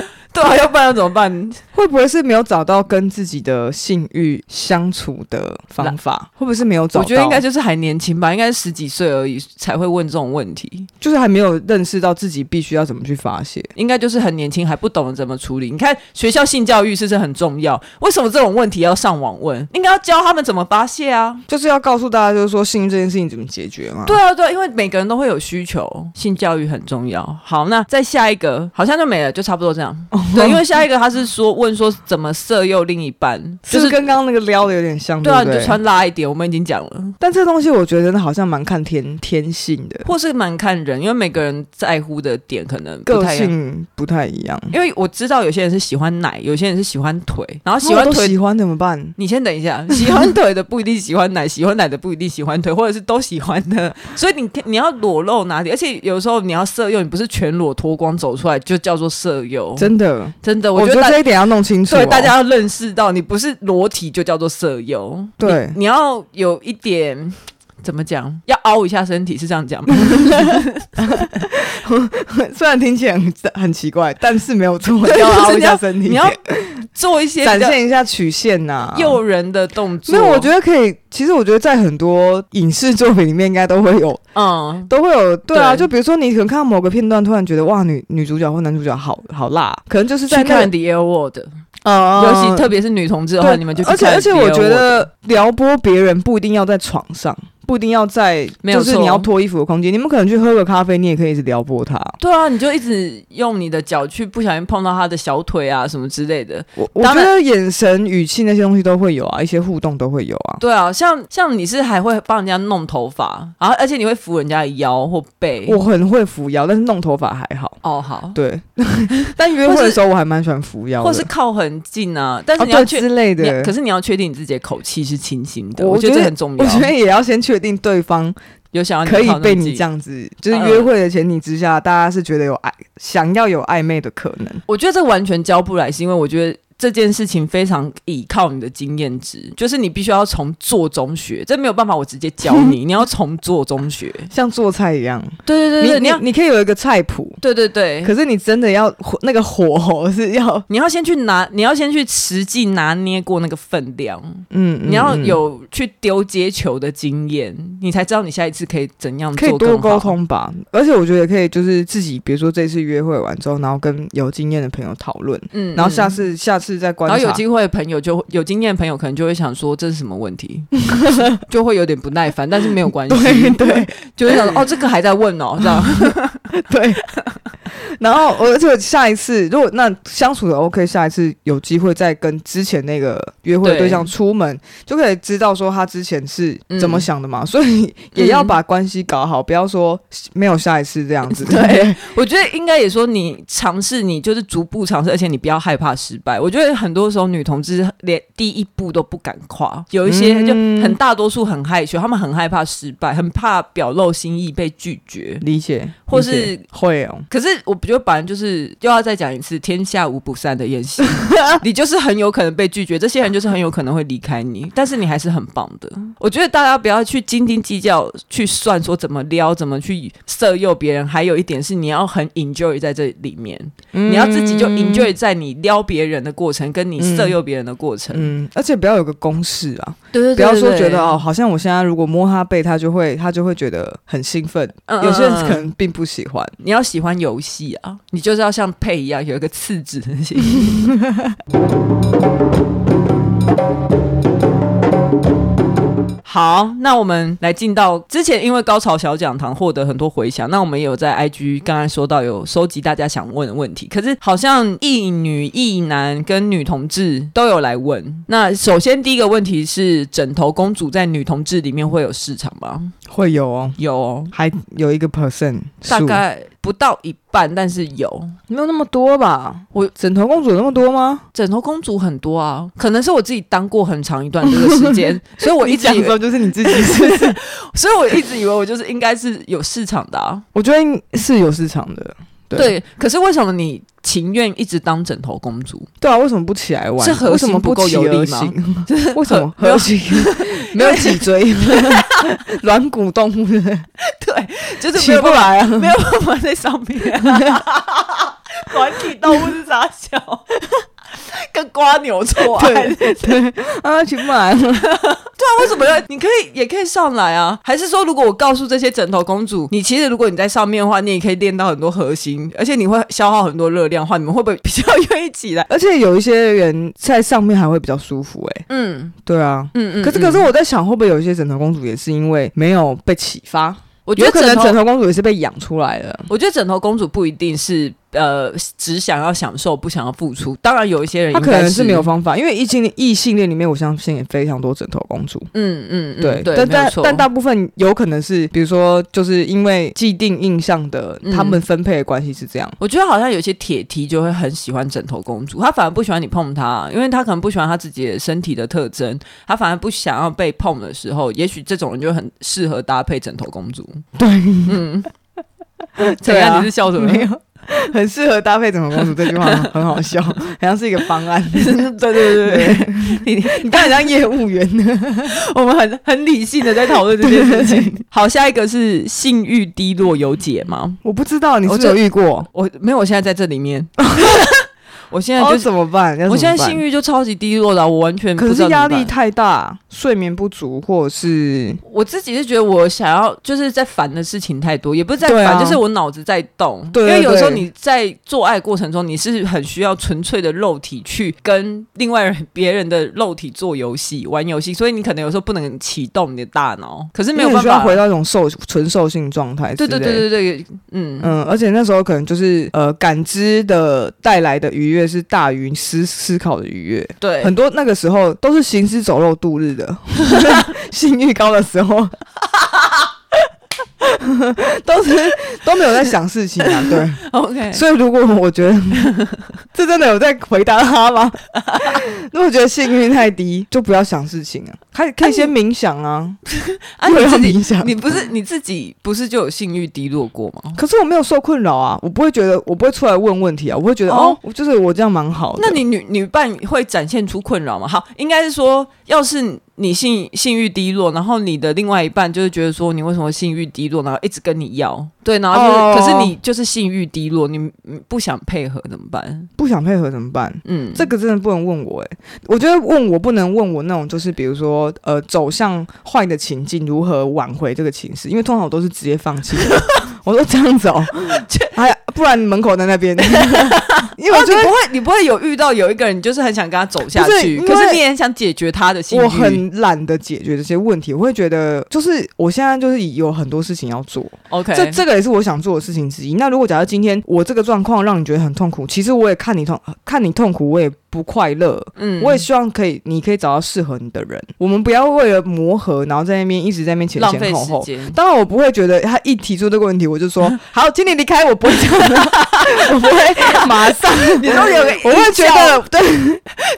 對啊，要不然怎麼辦？會不會是沒有找到跟自己的性慾相處的方法？會不會是沒有找到？我覺得應該就是還年輕吧，應該是十幾歲而已才會問這種問題，就是還沒有認識到自己必須要怎麼去發洩。應該就是很年輕，還不懂得怎麼處理。你看學校性教育是不是很重要？為什麼這種問題要上網問？應該要教他們怎麼發洩啊！就是要告訴大家，就是說性這件事情怎麼解決嘛？對啊，對啊，因為每個人都會有需求，性教育很重要。好，那再下一個好像就沒了，就差不多這樣。 對，因為下一個他是說問。說怎麼色誘另一半，就是，是跟剛剛那個撩的有點像，對，對，對啊，你就穿辣一點。我們已經講了，但這東西我覺得真的好像蠻看天天性的，或是蠻看人，因為每個人在乎的點可能個性不太一樣。因為我知道有些人是喜歡奶，有些人是喜歡腿，然後喜歡腿喜歡怎麼辦？你先等一下，喜歡腿的不一定喜歡奶， 喜歡奶的不一定喜歡腿，或者是都喜歡的。所以你你要裸露哪裡？而且有時候你要色誘，你不是全裸脫光走出來就叫做色誘，真的 真的，我覺得，我覺得這一點要弄。所以、哦、大家要認識到，你不是裸體就叫做色誘，對你，你要有一點。怎麼講？要凹一下身體是這樣講嗎？ 雖然聽起來很，很奇怪，但是沒有錯， 要凹一下身體 你，你要做一些展現一下曲線吶、啊，誘人的動作。所以我覺得可以。其實我覺得在很多影視作品裡面，應該都會有，嗯，都會有。對啊，對就比如說你可能看到某個片段，突然覺得哇，女女主角或男主角好好辣，可能就是看在看《The Air World》。哦、uh,，尤其特別是女同志的話，你們就去，而且而且我覺得撩撥別人不一定要在床上，不一定要在，沒有、就是、你要脫衣服的空間，你們可能去喝個咖啡，你也可以一直撩撥他。對啊，你就一直用你的腳去不小心碰到他的小腿啊什麼之類的。我我覺得眼神、語氣那些東西都會有啊，一些互動都會有啊。對啊，像像你是還會幫人家弄頭髮，然、啊、後而且你會扶人家的腰或背。我很會扶腰，但是弄頭髮還好。哦、oh,，好，對。但 約或是 會的時候我還蠻喜歡扶腰的，或是靠。很近啊，但是你要、哦、之類的，你可是你要確定你自己的口氣是清新的，我覺得這很重要。我覺得也要先確定對方有想要可以被你這樣子，就是約會的前提之下、啊，大家是覺得有愛，想要有曖昧的可能。我覺得這完全教不來，是因為我覺得。這件事情非常依靠你的經驗值，就是你必須要從做中學，這沒有辦法，我直接教你， 你要從做中學，像做菜一樣。對對對對，你，你要你，你可以有一個菜譜。對，對對對。可是你真的要火那個火候是要，你要先去拿，你要先去實際拿捏過那個分量。嗯。你要有去丟接球的經驗，嗯，你才知道你下一次可以怎樣做。可以多溝通吧，而且我覺得也可以，就是自己，比如說這次約會完之後，然後跟有經驗的朋友討論，嗯，然後下次、嗯、下次。然後有機會的朋友就有經驗的朋友可能就會想說，這是什麼問題？ 就會有點不耐煩，但是沒有關係， 對，就會想說 哦這個還在問哦這樣，是是 對。 然後，而且下一次如果那相處的 OK，下一次有機會再跟之前那個約會的對象出門，就可以知道說他之前是怎麼想的嘛。嗯、所以也要把關係搞好、嗯，不要說沒有下一次這樣子。對，我覺得應該也說你嘗試，你就是逐步嘗試，而且你不要害怕失敗。我覺得很多時候女同志連第一步都不敢跨，有一些就很大多數很害羞，他們很害怕失敗，很怕表露心意被拒絕，理解或是會哦。可是。我覺得反正就是又要再講一次“天下無不散的宴席”。 你就是很有可能被拒絕，這些人就是很有可能會離開你，但是你還是很棒的。我覺得大家不要去斤斤計較，去算說怎麼撩、怎麼去色誘別人。還有一點是，你要很 enjoy 在這裡面，嗯、你要自己就 enjoy 在你撩別人的過程，跟你色誘別人的過程。嗯，而且不要有個公式啊，不要說覺得哦，好像我現在如果摸他背，他就會他就會覺得很興奮、嗯嗯嗯。有些人可能並不喜歡，你要喜歡遊戲。戲啊，你就是要像配一樣，有一個次子 好，那我們來進到之前，因為高潮小講堂獲得很多回響，那我們也有在 IG，剛剛說到有收集大家想問的問題，可是好像異女異男跟女同志都有來問。那首先第一個問題是，枕頭公主在女同志裡面會有市場嗎？會有哦，有，哦，還有一個 percent 大概。不到一半，但是有沒有那麼多吧？我枕頭公主有那麼多嗎？枕頭公主很多啊，可能是我自己當過很長一段時間， 所以我一直以為就是你自己， 所以我一直以為我就是應該是有市場的啊，我覺得是有市場的。對，對，可是為什麼你情願一直當枕頭公主？對啊，為什麼不起來玩？為什麼不夠有力嗎？為什麼、就是、核心沒有脊椎？軟 骨動物，對，就是沒有起不來啊，沒有辦法在上面、啊。軟 體動物是啥小？ 跟瓜牛出來 對對，對啊，起不來了。 對啊，為什麼要？你可以也可以上來啊？還是說，如果我告訴這些枕頭公主，你其實如果你在上面的話，你也可以練到很多核心，而且你會消耗很多熱量的話，你們會不會比較願意起來？而且有一些人在上面還會比較舒服，欸。哎，嗯，對啊，嗯嗯。可是可是我在想，會不會有一些枕頭公主也是因為沒有被啟發？我覺得枕頭，可能枕頭公主也是被養出來的。我覺得枕頭公主不一定是。呃，只想要享受，不想要付出。當然，有一些人是他可能是沒有方法，因為異性異性戀裡面，我相信也非常多枕頭公主。嗯嗯，嗯，對，對，但但但大部分有可能是，比如說，就是因為既定印象的、嗯，他們分配的關係是這樣。我覺得好像有些鐵 T 就會很喜歡枕頭公主，他反而不喜歡你碰他、啊，因為他可能不喜歡他自己的身體的特徵，他反而不想要被碰的時候，也許這種人就很適合搭配枕頭公主。對，嗯，怎麼樣？你是笑什麼？ 很適合搭配枕頭公主這句話 很好笑，好像是一個方案。 對對對對， 對，對，對，你看起來像業務員呢。 我們很很理性的在討論這件事情。好，下一個是性欲低落有解嗎？我不知道，你是有遇過？我，我沒有，我現在在這裡面。 我現在就、哦、怎、麼怎麼辦？我現在性欲就超級低落了，我完全不知道。可是壓力太大，睡眠不足，或者是我自己是覺得我想要，就是在煩的事情太多，也不是在煩、啊，就是我腦子在動。對，對，對。因為有時候你在做愛過程中，你是很需要純粹的肉體去跟另外別人的肉體做遊戲、玩遊戲，所以你可能有時候不能啟動你的大腦。可是沒有辦法。你需要回到一種受，純獸性狀態。對對對對對，嗯嗯，而且那時候可能就是呃，感知的帶來的愉悅。是大於思思考的愉悅，對，很多那個時候都是行屍走肉度日的，性 欲 高的時候。 當 時都，是笑都沒有在想事情啊，對 ，OK。 所以如果我覺得這真的有在回答他嗎？那我覺得性欲太低，就不要想事情啊，可以可以先冥想啊，啊，你 冥想啊你。你不是你自己不是就有性欲低落過嗎？ 可是我沒有受困擾啊，我不會覺得，我不會出來問問題啊，我會覺得哦，哦，就是我這樣蠻好的。那你女女伴會展現出困擾嗎？好，應該是說，要是你性性欲低落，然後你的另外一半就是覺得說，你為什麼性欲低落？然後一直跟你要，對，然後就是、呃，可是你就是性慾低落，你不想配合怎麼辦？不想配合怎麼辦？嗯，這個真的不能問我哎、欸，我覺得問我，不能問我那種，就是比如說呃，走向壞的情境如何挽回這個情勢，因為通常我都是直接放棄的。 我說這樣子哦， 哎呀，不然門口在那邊。 因為我覺得、哦、你不會，你不會有遇到有一個人，你就是很想跟他走下去。是，可是你也想解決他的，心。我很懶得解決這些問題。我會覺得，就是我現在就是有很多事情要做。OK，這這個也是我想做的事情之一。那如果假設今天我這個狀況讓你覺得很痛苦，其實我也看你痛，看你痛苦，我也不快樂。嗯，我也希望可以，你可以找到適合你的人。我們不要為了磨合，然後在那邊一直在面前前費後當然，我不會覺得他一提出這個問題。我就說好，請你離開，我不會的， 我不會 馬上。你，你都有，我會覺得對，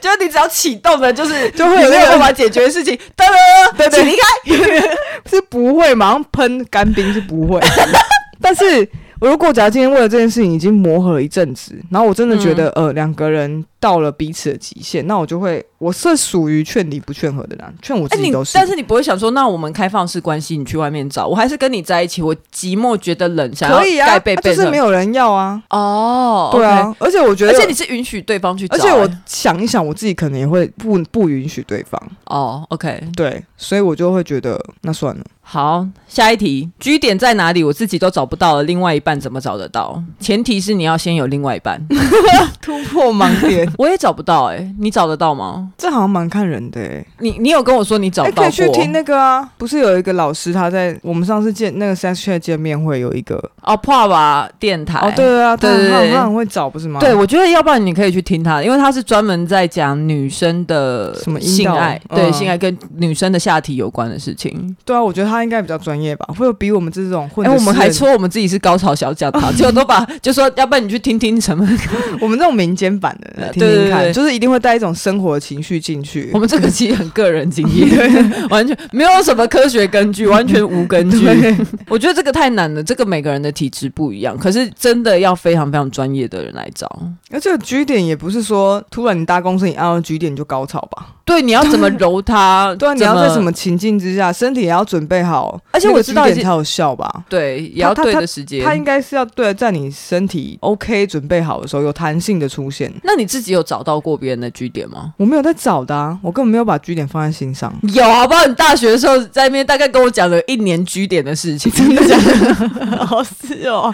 就是你只要啟動了，就是就會有沒有辦法解決的事情。得得，請離開，是不會馬上噴乾冰是不會， 但是。我如果假如今天為了這件事情已經磨合了一陣子，然後我真的覺得、嗯、呃兩個人到了彼此的極限，那我就會我是屬於勸離不勸和的人，勸我自己都是、欸。但是你不會想說，那我們開放式關係，你去外面找，我還是跟你在一起。我寂寞覺得冷，想要蓋被被。可以啊，被被啊就是沒有人要啊。哦，對啊，okay、而且我覺得，而且你是允許對方去找、欸。而且我想一想，我自己可能也會不不允許對方。哦，OK，對，所以我就會覺得那算了。好，下一題，G 點在哪裡？我自己都找不到了，另外一半怎麼找得到？前提是你要先有另外一半， 突破盲點。 我也找不到哎，欸，你找得到嗎？這好像蠻看人的。你你有跟我說你找到，欸？可以去聽那個啊，不是有一個老師他在我們上次見那個 sex chat、啊、見面會有一個哦帕瓦電台哦，喔，對對啊，他他很會找不是嗎？對我覺得要不然你可以去聽他，對對對對，聽他因為他是專門在講女生的什麼性愛，對，嗯，性愛跟女生的下體有關的事情。對啊，我覺得。他應該比較專業吧，會有比我們這種混。哎、欸，我們還說我們自己是高潮小講堂，就 果都把就說，要不然你去聽聽什麼 我們這種民間版的對聽,聽看、啊對對對，就是一定會帶一種生活情緒進去。我們這個其實很個人經驗， 完全沒有什麼科學根據，完全無根據。 對 我覺得這個太難了，這個每個人的體質不一樣，可是真的要非常非常專業的人來找。而這個 G 點也不是說突然你搭公車你按了 G 點就高潮吧。對，你要怎麼揉它？對、啊，你要在什麼情境之下，身體也要準備好。而且我知道、那個、G 點才有效吧？對，也要對的時間。他應該是要對在你身體 OK 準備好的時候，有彈性的出現。那你自己有找到過別人的 G 點嗎？我沒有在找的啊，我根本沒有把 G 點放在心上。有、啊，我不知道你大學的時候在那邊大概跟我講了一年 G 點的事情， 真的假的？ 好是哦。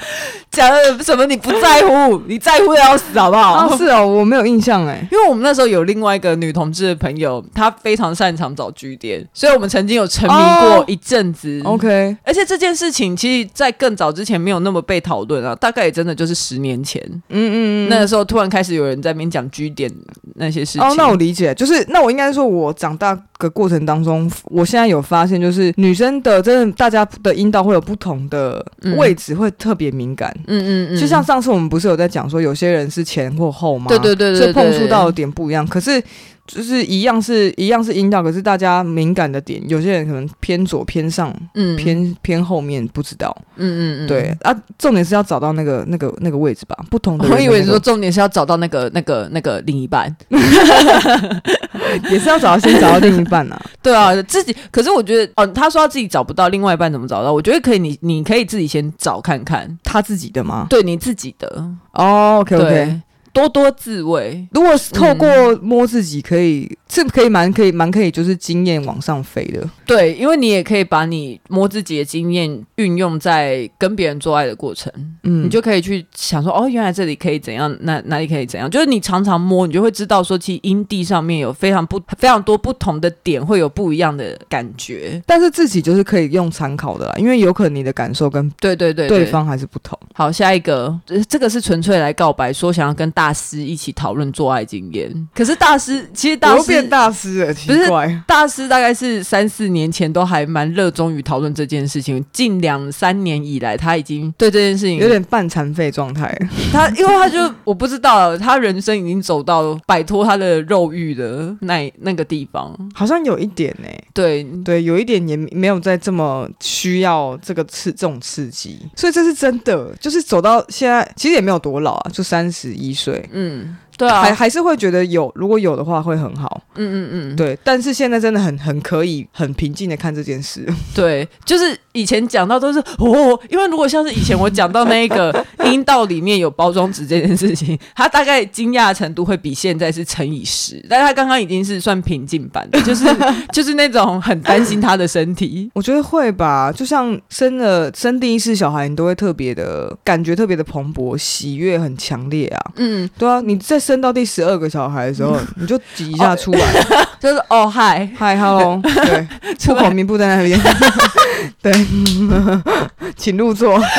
講什麼？你不在乎，你在乎得要死，好不好？哦？是哦，我沒有印象哎，因為我們那時候有另外一個女同志的朋友，她非常擅長找 G 點，所以我們曾經有沉迷過一陣子。哦、OK，而且這件事情其實，在更早之前沒有那麼被討論啊，大概也真的就是十年前。嗯嗯嗯，那個時候突然開始有人在那邊講 G 點那些事情。哦，那我理解，就是那我應該說，我長大的過程當中，我現在有發現，就是女生的真的大家的陰道會有不同的位置，會特別敏感。嗯嗯嗯嗯，就像上次我們不是有在講說，有些人是前或後嗎？對對對,對,對,對,對,對,對,對所以碰觸到的點不一樣，可是就是一樣是一樣是陰道，可是大家敏感的點，有些人可能偏左偏上，嗯，偏偏後面不知道，嗯嗯嗯，對啊，重點是要找到那個那個那個位置吧，不同的,的、那個、我以為說重點是要找到那個那個那個另一半。 也是要找到先找到另一半吶、啊， 對啊，自己。可是我覺得，哦，他說他自己找不到另外一半，怎麼找到？我覺得可以，你你可以自己先找看看他自己的嗎？對你自己的哦、oh, ok, okay, 對，多多自慰。如果是透過摸自己，可以、嗯。是可以蠻可以蠻可以，就是經驗往上飛的。對，因為你也可以把你摸自己的經驗運用在跟別人做愛的過程，嗯，你就可以去想說，哦，原來這裡可以怎樣，那哪，哪裡可以怎樣？就是你常常摸，你就會知道說，其實陰蒂上面有非常不非常多不同的點，會有不一樣的感覺。但是自己就是可以用參考的啦，因為有可能你的感受跟對對對對，對，對方還是不同。好，下一個，呃，這個是純粹來告白，說想要跟大師一起討論做愛經驗。可是大師，其實大師。大師的奇怪，大師大概是三四年前都還蠻熱衷於討論這件事情，近兩三年以來他已經對這件事情有點半殘廢狀態。 他因為他就我不知道，他人生已經走到擺脫他的肉欲的那那個地方，好像有一點呢、欸。對對，有一點也沒有再這麼需要這個刺這種刺激，所以這是真的，就是走到現在其實也沒有多老啊，就三十一歲，嗯。對啊，還還是會覺得有，如果有的話會很好。嗯嗯嗯，對。但是現在真的很很可以很平靜的看這件事。對，就是以前講到都是哦，因為如果像是以前我講到那個陰道裡面有包裝紙這件事情， 他大概驚訝程度會比現在是乘以十。但他剛剛已經是算平靜版的，就是就是那種很擔心他的身體。 我覺得會吧，就像生了生第一次小孩，你都會特別的感覺特別的蓬勃喜悅很強烈啊。嗯，嗯，對啊，你在。生到第十二個小孩的時候，嗯、你就擠一下出來，哦、 就是哦嗨嗨哈嘍，hi, hello 對，出 口名不在那邊， 對，嗯、 請入座。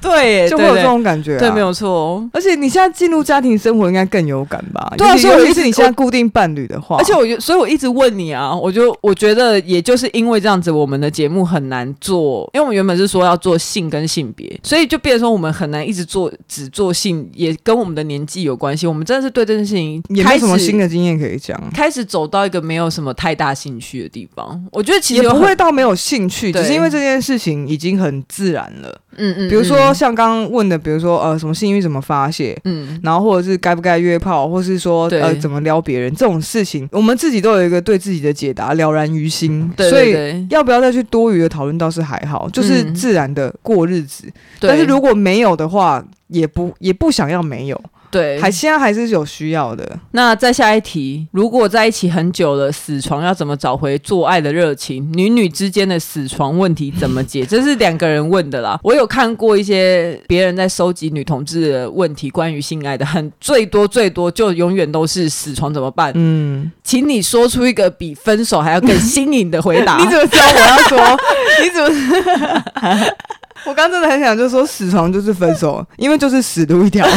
對，就會有這種感覺啊，對對對，對，沒有錯哦。而且你現在進入家庭生活，應該更有感吧？對啊，所以我一直其你現在固定伴侶的話，而且我所以，我一直問你啊，我就我覺得，也就是因為這樣子，我們的節目很難做，因為我們原本是說要做性跟性別，所以就變成說我們很難一直做，只做性也跟我們的年紀有關係。我們真的是對這件事情開也沒什麼新的經驗可以講，開始走到一個沒有什麼太大興趣的地方。我覺得其實也不會到沒有興趣，只是因為這件事情已經很自然了。嗯嗯，嗯，比如說像剛剛問的，比如說呃，什麼性慾怎麼發洩，嗯，然後或者是該不該約炮，或是說呃，怎麼撩別人這種事情，我們自己都有一個對自己的解答，了然於心，所以要不要再去多餘的討論倒是還好，就是自然的過日子。但是如果沒有的話，也不也不想要沒有。對，還現在還是有需要的。那再下一題，如果在一起很久了，死床要怎麼找回做愛的熱情？女女之間的死床問題怎麼解？ 這是兩個人問的啦。我有看過一些別人在收集女同志的問題，關於性愛的，很最多最多就永遠都是死床怎麼辦？嗯，請你說出一個比分手還要更新穎的回答。 你怎麼知道我要說？ 你怎麼知道？ 我剛真的很想就說死床就是分手，因為就是死路一條。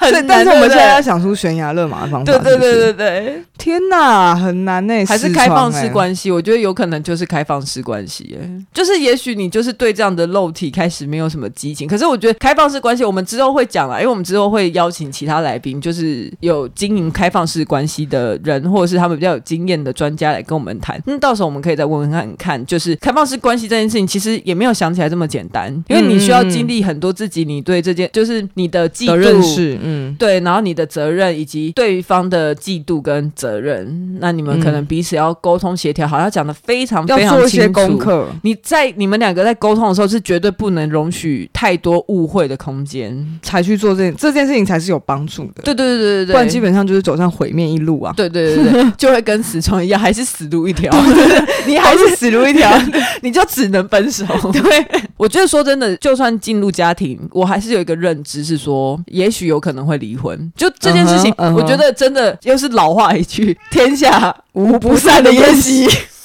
很難，但是我們現在要想出懸崖勒馬的方法。對對對對對，是是天哪，很難呢、欸。還是開放式關係、欸？我覺得有可能就是開放式關係、欸，嗯，就是也許你就是對這樣的肉體開始沒有什麼激情。可是我覺得開放式關係，我們之後會講啦，因為我們之後會邀請其他來賓，就是有經營開放式關係的人，或者是他們比較有經驗的專家來跟我們談。那、嗯、到時候我們可以再問問看看，就是開放式關係這件事情，其實也沒有想起來這麼簡單，因為你需要經歷很多自己，你對這件、嗯、就是你的記認識。嗯嗯，對，然後你的責任以及對方的嫉妒跟責任，那你們可能彼此要溝通協調好，要講的非常非常清楚。你在你們兩個在溝通的時候，是絕對不能容許太多誤會的空間，才去做這件這件事情才是有幫助的。對對對對對，不然基本上就是走上毀滅一路啊。對對對,對就會跟死床一樣， 還是死路一條。 你還是死路一條， 你就只能分手。對， 我覺得說真的，就算進入家庭，我還是有一個認知是說，也許有可能。會離婚，就這件事情，uh -huh, uh -huh. 我覺得真的又是老話一句：天下無不散的宴席。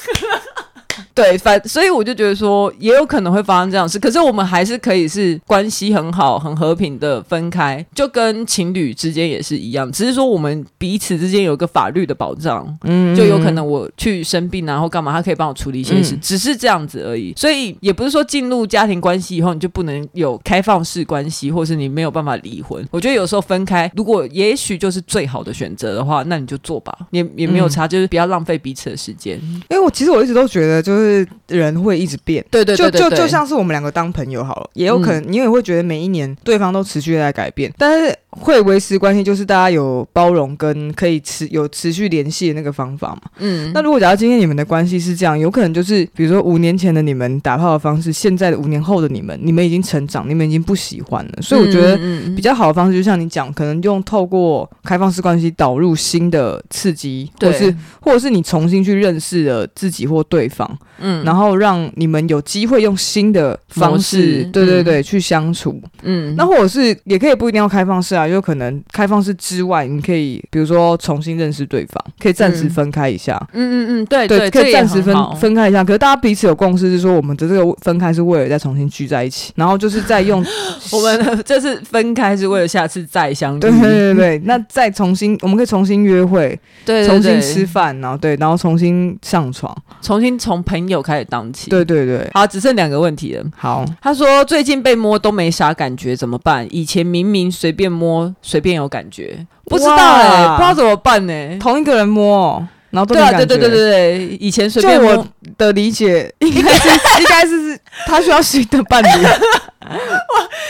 對，反所以我就覺得說，也有可能會發生這樣事。可是我們還是可以是關係很好、很和平的分開，就跟情侶之間也是一樣。只是說我們彼此之間有一個法律的保障，嗯，就有可能我去生病、啊、然後幹嘛，他可以幫我處理一些事、嗯，只是這樣子而已。所以也不是說進入家庭關係以後你就不能有開放式關係，或是你沒有辦法離婚。我覺得有時候分開，如果也許就是最好的選擇的話，那你就做吧，也也沒有差、嗯，就是不要浪費彼此的時間。因為、欸、我其實我一直都覺得就是。就是人會一直變，對對、對、對、對、對，就就就像是我們兩個當朋友好了，也有可能你也會覺得每一年對方都持續在改變，嗯、但是會維持關係就是大家有包容跟可以持有持續聯繫的那個方法嘛。嗯，那如果假如今天你們的關係是這樣，有可能就是比如說五年前的你們打炮的方式，現在的五年後的你們，你們已經成長，你們已經不喜歡了，所以我覺得比較好的方式就像你講，可能用透過開放式關係導入新的刺激，或是或者是你重新去認識了自己或對方。嗯，然後讓你們有機會用新的方式，對對對，嗯、去相處嗯。嗯，那或者是也可以不一定要開放式啊，有可能開放式之外，你可以比如說重新認識對方，可以暫時分開一下。嗯嗯嗯，嗯，對對，可以暫時分、嗯嗯、分開一下。可是大家彼此有共識，是說我們的這個分開是為了再重新聚在一起，然後就是再用 我們這次分開是為了下次再相遇，對對對，那再重新我們可以重新約會，對，對,對,對重新吃飯，然後對，然後重新上床，重新從朋。又開始當起，對對對，好、啊，只剩兩個問題了。好，他說最近被摸都沒啥感覺，怎麼辦？以前明明隨便摸隨便有感覺，不知道哎、欸，不知道怎麼辦呢、欸？同一個人摸，然後對感覺對、啊、對對對對對，以前隨便摸，我的理解應該應該是，應該是他需要新的伴侶。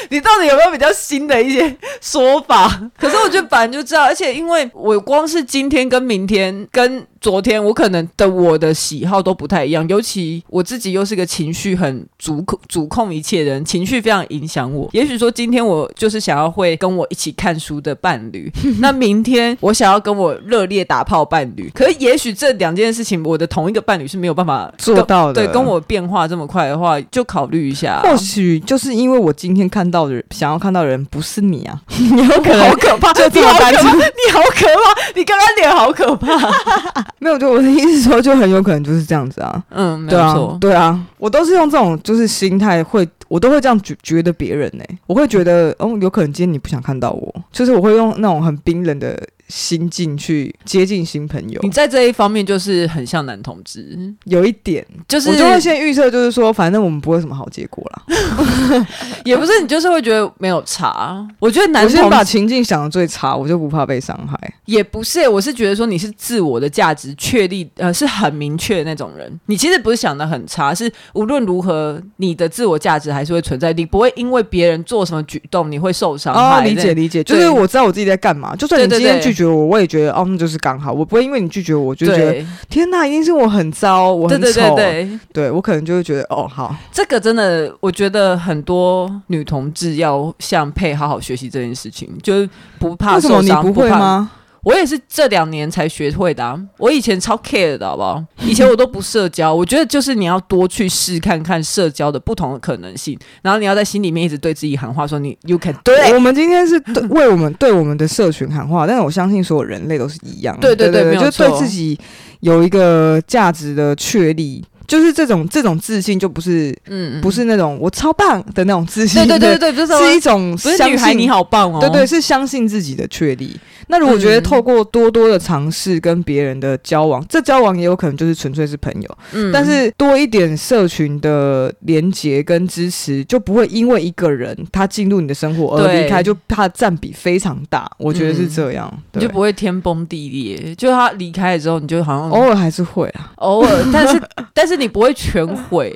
你到底有沒有比較新的一些說法？可是我覺得反正就知道，而且因為我光是今天跟明天跟昨天，我可能的我的喜好都不太一樣。尤其我自己又是個情緒很主控，主控一切的人，情緒非常影響我。也許說今天我就是想要會跟我一起看書的伴侶，那明天我想要跟我熱烈打炮伴侶。可是也許這兩件事情，我的同一個伴侶是沒有辦法做到的。對，跟我變化這麼快的話，就考慮一下啊。或許就是因為。因為我今天看到的人，想要看到的人不是你啊！你有可能，好可怕， 就這種擔心。你好可怕，你剛剛臉好可怕。剛剛可怕 嗯、沒有，就我的意思說，就很有可能就是這樣子啊。嗯，對啊，對啊，我都是用這種就是心態，會我都會這樣覺得別人呢、欸。我會覺得，嗯、哦，有可能今天你不想看到我，就是我會用那種很冰冷的心境去接近新朋友，你在這一方面就是很像男同志，嗯、有一點就是我就會先預測，就是說反正我們不會什麼好結果啦， 也不是你就是會覺得沒有差。 我覺得男同我先把情境想得最差，我就不怕被傷害。也不是，我是覺得說你是自我的價值確立呃是很明確的那種人，你其實不是想得很差，是無論如何你的自我價值還是會存在，你不會因為別人做什麼舉動你會受傷。啊、哦，理解理解，就是我知道我自己在幹嘛，就算你今覺得我，我也覺得哦，那就是剛好。我不會因為你拒絕我就覺得對對對對對對天哪，一定是我很糟，我很醜啊。對，我可能就會覺得哦，好。這個真的，我覺得很多女同志要向佩好好學習這件事情，就是不怕受傷，你不會嗎？我也是這兩年才學會的啊，我以前超 care 的好不好？以前我都不社交， 我覺得就是你要多去試看看社交的不同的可能性，然後你要在心裡面一直對自己喊話，說你 you can do it。對，我們今天是對為我們對我們的社群喊話，但是我相信所有人類都是一樣， 對對對，就是對自己有一個價值的確立。就是這種這種自信，就不是嗯，不是那種我超棒的那種自信，對對對對，是一種相信，不是女孩你好棒哦，對對、對，是相信自己的確立。那如果覺得透過多多的嘗試跟別人的交往，嗯，這交往也有可能就是純粹是朋友，嗯，但是多一點社群的連接跟支持，就不會因為一個人他進入你的生活而離開，就他的占比非常大。我覺得是這樣，嗯、你就不會天崩地裂。就他離開了之後，你就好像偶爾還是會啊，偶爾，但是 但是。你不會全毀。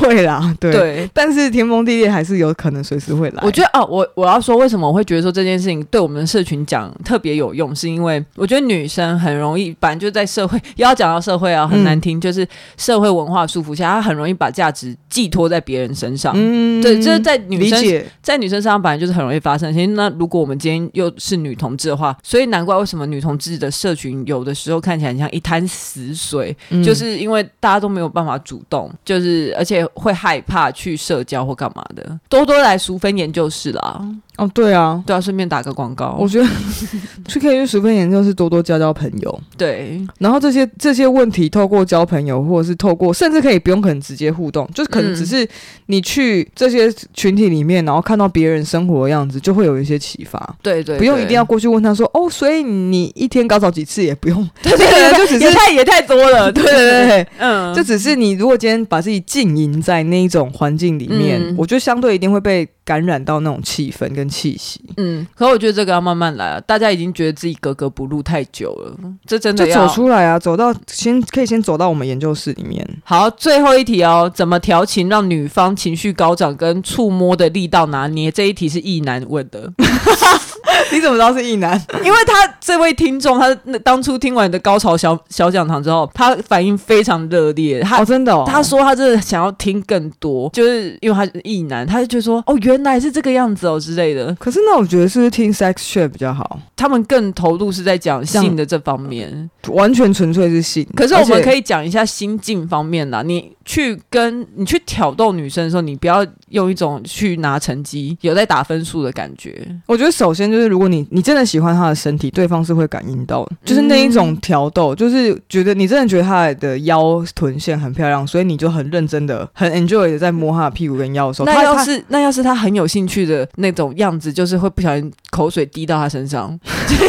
會啦，對，對，但是天崩地裂還是有可能隨時會來。我覺得哦、啊，我我要說，為什麼我會覺得說這件事情對我們的社群講特別有用，是因為我覺得女生很容易，反正就在社會，要講到社會啊，很難聽，嗯、就是社會文化束縛下，她很容易把價值寄托在別人身上。嗯，對，就是在女生在女生身上，反正就是很容易發生。其實，那如果我們今天又是女同志的話，所以難怪為什麼女同志的社群有的時候看起來很像一灘死水、嗯，就是因為大家都沒有辦法主動，就是而且。會害怕去社交或幹嘛的，多多來熟分研究室啦。哦，對啊，對啊，順便打個廣告，我覺得去 可以去熟分研究室多多交交朋友。對，然後這些這些問題透過交朋友，或者是透過甚至可以不用可能直接互動，就是可能只是你去這些群體裡面，然後看到別人生活的樣子，就會有一些啟發。對對，對，不用一定要過去問他說哦，所以你一天高潮幾次也不用。對對對，對，就只是也太也太多了。對對對，嗯，就只是你如果今天把自己靜音，在那一種環境裡面，嗯，我覺得相對一定會被感染到那種氣氛跟氣息，嗯，可我覺得這個要慢慢來啊，大家已經覺得自己格格不入太久了，這真的要就走出來啊，走到先可以先走到我們研究室裡面。好，最後一題哦，怎麼調情讓女方情緒高漲，跟觸摸的力道拿捏，這一題是異男問的。 你怎麼知道是異男？因為他這位聽眾，他當初聽完的高潮小小講堂之後，他反應非常熱烈，他哦真的哦，他說他真的想要聽更多，就是因為他是異男，他就說哦原。那還是這個樣子哦之類的。可是那我覺得是不是聽 Sex Share 比較好？他們更投入是在講性的這方面，呃、完全純粹是性。可是我們可以講一下心境方面啦。你去跟你去挑逗女生的時候，你不要用一種去拿成績有在打分數的感覺。我覺得首先就是，如果你你真的喜歡她的身體，對方是會感應到的。嗯、就是那一種挑逗，就是覺得你真的覺得她的腰臀線很漂亮，所以你就很認真的、很 enjoy 的在摸她的屁股跟腰的時候。嗯、那要是那要是他。很有興趣的那種樣子，就是會不小心口水滴到他身上，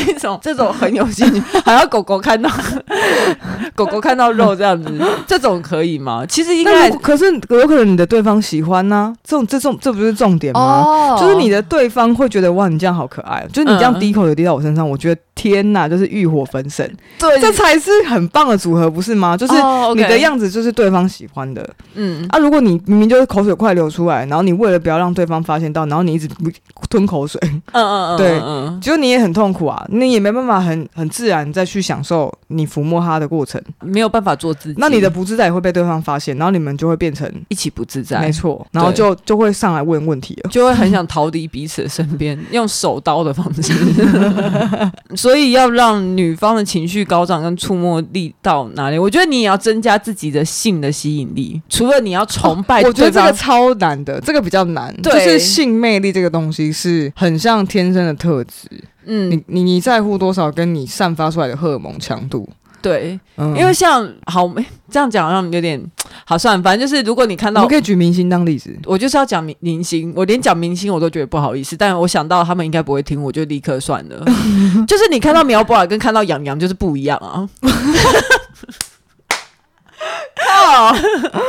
這種 這種很有興趣， 還要狗狗看到 狗狗看到肉這樣子， 這種可以嗎？其實應該可是有 可能你的對方喜歡呢、啊，這種這種這不是重點嗎、哦？就是你的對方會覺得哇，你這樣好可愛，就是你這樣滴口水滴到我身上、嗯，我覺得天哪，就是欲火焚身，對，這才是很棒的組合不是嗎？就是你的樣子就是對方喜歡的，哦 okay、嗯，啊，如果你明明就是口水快流出來，然後你為了不要讓對方發現到，然後你一直吞口水，嗯嗯。嗯嗯對，嗯，就你也很痛苦啊，你也沒辦法很很自然再去享受你撫摸他的過程，沒有辦法做自己，那你的不自在也會被對方發現，然後你們就會變成一起不自在，沒錯，然後就就會上來問問題了，就會很想逃離彼此的身邊， 用手刀的方式， 所以要讓女方的情緒高漲跟觸摸力道拿捏，我覺得你也要增加自己的性的吸引力，除了你要崇拜、哦，我覺得這個超難的，這個比較難，對，就是性魅力這個東西是很像天生。真的特質，嗯，你你你在乎多少，跟你散發出來的荷爾蒙強度，對，嗯、因為像好、欸、這樣講，好像有點好算。反正就是，如果你看到，我可以舉明星當例子，我就是要講明明星，我連講明星我都覺得不好意思。但我想到他們應該不會聽，我就立刻算了。 就是你看到苗博雅跟看到楊洋就是不一樣啊。哦 ，oh,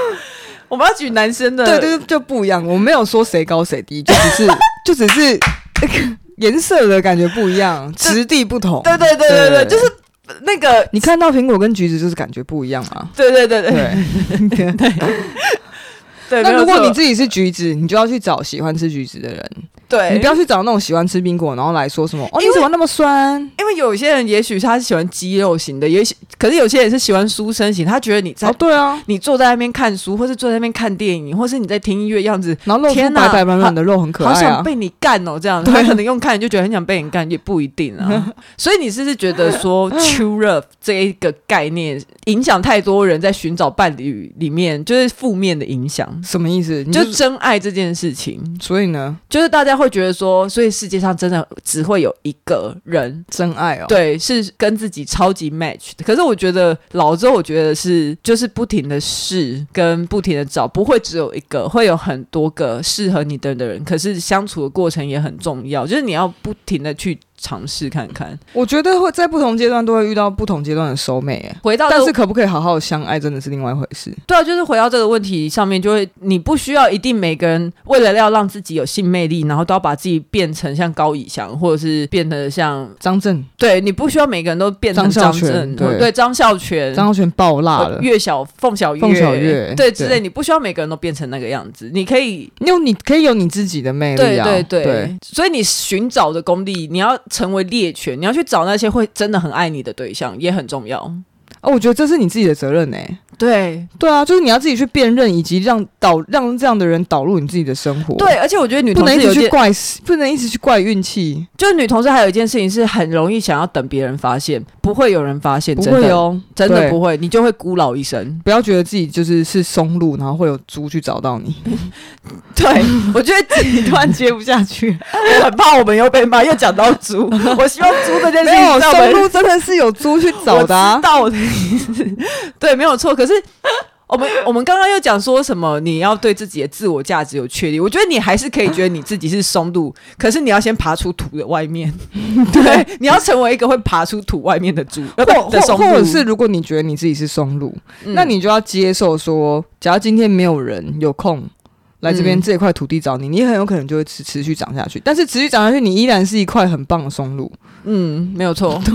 我們要舉男生的， 對，對對，就不一樣。我沒有說誰高誰低，就只是就只是。 顏色的感覺不一樣，質地不同。對對對對對，對就是那個你看到蘋果跟橘子，就是感覺不一樣嘛。對對對對對 對， 對。那如果你自己是橘子，你就要去找喜歡吃橘子的人。對，你不要去找那種喜歡吃冰果，然後來說什麼哦，你怎麼那麼酸？因為有些人也許他是喜歡肌肉型的，也許可是有些人是喜歡書生型，他覺得你在，哦，對啊，你坐在那邊看書，或是坐在那邊看電影，或是你在聽音樂的樣子，天吶，啊，露出白白的肉，很可愛，啊，好，好想被你幹哦，這樣對，他可能用看你就覺得很想被你幹，也不一定啊。 所以你是不是覺得說 true love 這一個概念影響太多人在尋找伴侶裡面，就是負面的影響？什麼意思？你、就是？就真愛這件事情，所以呢，就是大家。會覺得說，所以世界上真的只會有一個人真愛哦。對，是跟自己超級 match。可是我覺得老之後，我覺得是就是不停的試跟不停的找，不會只有一個，會有很多個適合你的人。可是相處的過程也很重要，就是你要不停的去。嘗試看看、嗯，我覺得會在不同階段都會遇到不同階段的收美、欸。哎，回到、這個、但是可不可以好好相愛，真的是另外一回事。對啊，就是回到這個問題上面，就會你不需要一定每個人為了要讓自己有性魅力，然後都要把自己變成像高以翔，或者是變得像張震。對，你不需要每個人都變成張震，對張孝全、張、嗯、孝、孝全爆辣了、岳、哦、小鳳小岳，對之類對，你不需要每個人都變成那個樣子，你可以有，你、有你可以有你自己的魅力啊。對對對，對所以你尋找的功力，你要。成為獵犬，你要去找那些會真的很愛你的對象，也很重要。哦，我覺得這是你自己的責任呢、欸。對，對啊，就是你要自己去辨認，以及讓導讓這樣的人導入你自己的生活。對，而且我覺得女同事不能一直去怪事，不能一直去怪運氣。就是女同事還有一件事情是很容易想要等別人發現，不會有人發現，真的哦，真的不會，你就會孤老一生。不要覺得自己就是是松露，然後會有豬去找到你。 對，我覺得你突然接不下去， 很怕我們又被罵，又講到豬。 我希望豬這件事情，松露真的是有豬去找的到、啊、的。 對，沒有錯。可是，我們我們剛剛又講說什麼？你要對自己的自我價值有確立。我覺得你還是可以覺得你自己是松露，可是你要先爬出土的外面。 對，你要成為一個會爬出土外面的豬，或或，或者是如果你覺得你自己是松露，嗯、那你就要接受說，假如今天沒有人有空來這邊這一塊土地找你、嗯，你很有可能就會持持續長下去。但是持續長下去，你依然是一塊很棒的松露。嗯，沒有錯。 對，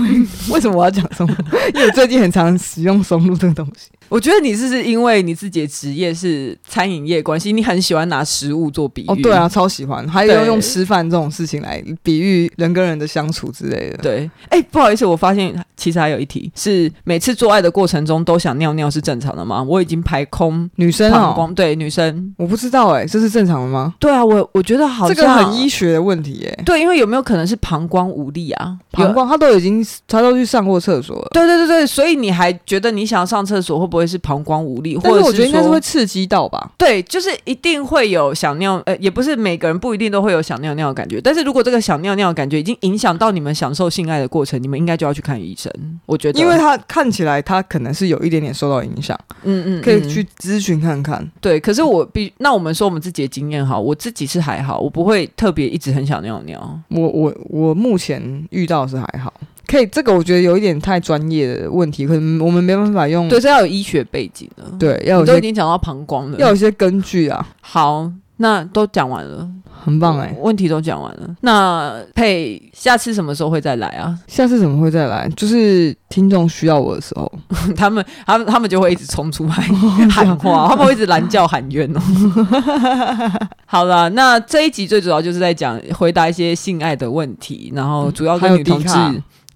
為什麼我要講松露？因為我最近很常使用松露這個東西。 我覺得你是不是因為你自己的職業是餐飲業關係，你很喜歡拿食物做比喻？哦，對啊，超喜歡，還有用，用吃飯這種事情來比喻人跟人的相處之類的。對，哎、欸，不好意思，我發現其實還有一題是，每次做愛的過程中都想尿尿是正常的嗎？我已經排空女生、哦、膀胱，對，女生我不知道哎、欸，這是正常的嗎？對啊，我我覺得好像這個很醫學的問題哎、欸。對，因為有沒有可能是膀胱無力啊？膀胱，他都已經，他都去上過廁所了。對對對對，所以你還覺得你想要上廁所，會不會是膀胱無力？或者我覺得應該是會刺激到吧。對，就是一定會有想尿，呃，也不是每個人不一定都會有想尿尿的感覺。但是如果這個想尿尿的感覺已經影響到你們享受性愛的過程，你們應該就要去看醫生。我覺得，因為他看起來他可能是有一點點受到影響。嗯嗯，嗯，可以去諮詢看看。對，可是我比那我們說我們自己的經驗哈，我自己是還好，我不會特別一直很想尿尿。我我我目前遇。趙老師還好，可以。這個我覺得有一點太專業的問題，可能我們沒辦法用。對，是要有醫學背景的。對，要有。都已經講到膀胱了，要有一些根據啊。好。那都講完了，很棒哎、欸哦！問題都講完了。那佩，下次什麼時候會再來啊？下次怎麼會再來？就是聽眾需要我的時候， 他們、他、他們就會一直衝出來 喊話花， 他們會一直攔轎喊冤哦、喔。 好啦，那這一集最主要就是在講回答一些性愛的問題，然後主要跟女同志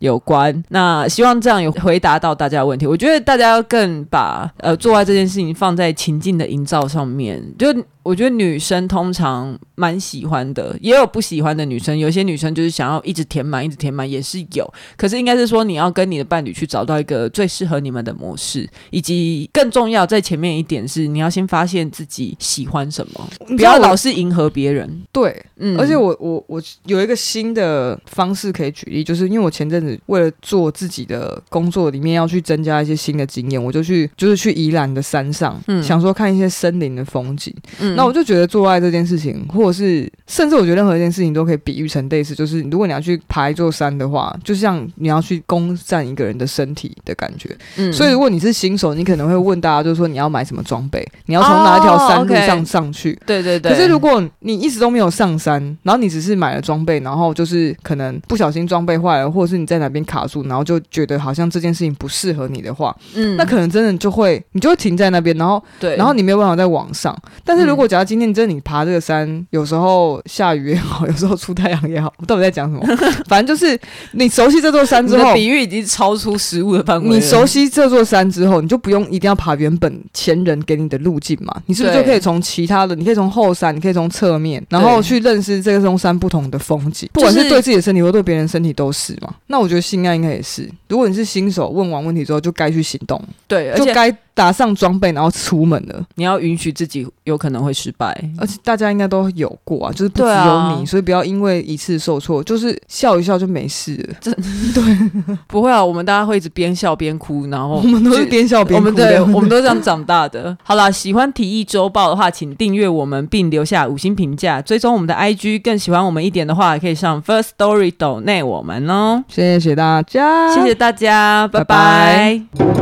有關有。那希望這樣有回答到大家的問題。我覺得大家要更把呃做愛這件事情放在情境的營造上面，就。我覺得女生通常蠻喜歡的，也有不喜歡的女生。有些女生就是想要一直填滿，一直填滿，也是有。可是應該是說，你要跟你的伴侶去找到一個最適合你們的模式，以及更重要在前面一點是，你要先發現自己喜歡什麼你，不要老是迎合別人。對，嗯。而且我我我有一個新的方式可以舉例，就是因為我前陣子為了做自己的工作裡面要去增加一些新的經驗，我就去就是去宜蘭的山上，嗯，想說看一些森林的風景，嗯。那我就覺得做愛這件事情，或者是甚至我覺得任何一件事情都可以比喻成類似，就是如果你要去爬一座山的話，就像你要去攻佔一個人的身體的感覺。嗯。所以如果你是新手，你可能會問大家，就是說你要買什麼裝備，你要從哪一條山路上、oh, okay、上去？對對對。可是如果你一直都沒有上山，然後你只是買了裝備，然後就是可能不小心裝備壞了，或者是你在哪邊卡住，然後就覺得好像這件事情不適合你的話，嗯，那可能真的就會你就會停在那邊，然後對，然後你沒有辦法再往上。但是如果、嗯我假如今天，真的，你爬這個山，有時候下雨也好，有時候出太陽也好，我到底在講什麼？ 反正就是你熟悉這座山之後，比喻已經超出食物的範圍。你熟悉這座山之後，你就不用一定要爬原本前人給你的路徑嘛？你是不是就可以從其他的？你可以從後山，你可以從側面，然後去認識這個中山不同的風景。不管是對自己的身體，或對別人的身體都是嘛？那我覺得性愛應該也是。如果你是新手，問完問題之後，就該去行動，對，而且就該打上裝備然後出門了。你要允許自己有可能會失敗，而且大家應該都有過啊，就是不只有你，啊、所以不要因為一次受挫，就是笑一笑就沒事了。這對， 不會啊，我們大家會一直邊笑邊哭，然後我們都邊邊、就是邊笑邊哭，對，我們， 我們都這樣長大的。好了，喜歡《體液週報》的話，請訂閱我們並留下五星評價，追蹤我們的 IG，更喜歡我們一點的話，可以上 First Story 斗內我們哦、喔。謝謝大家，謝謝。大家拜拜，拜拜。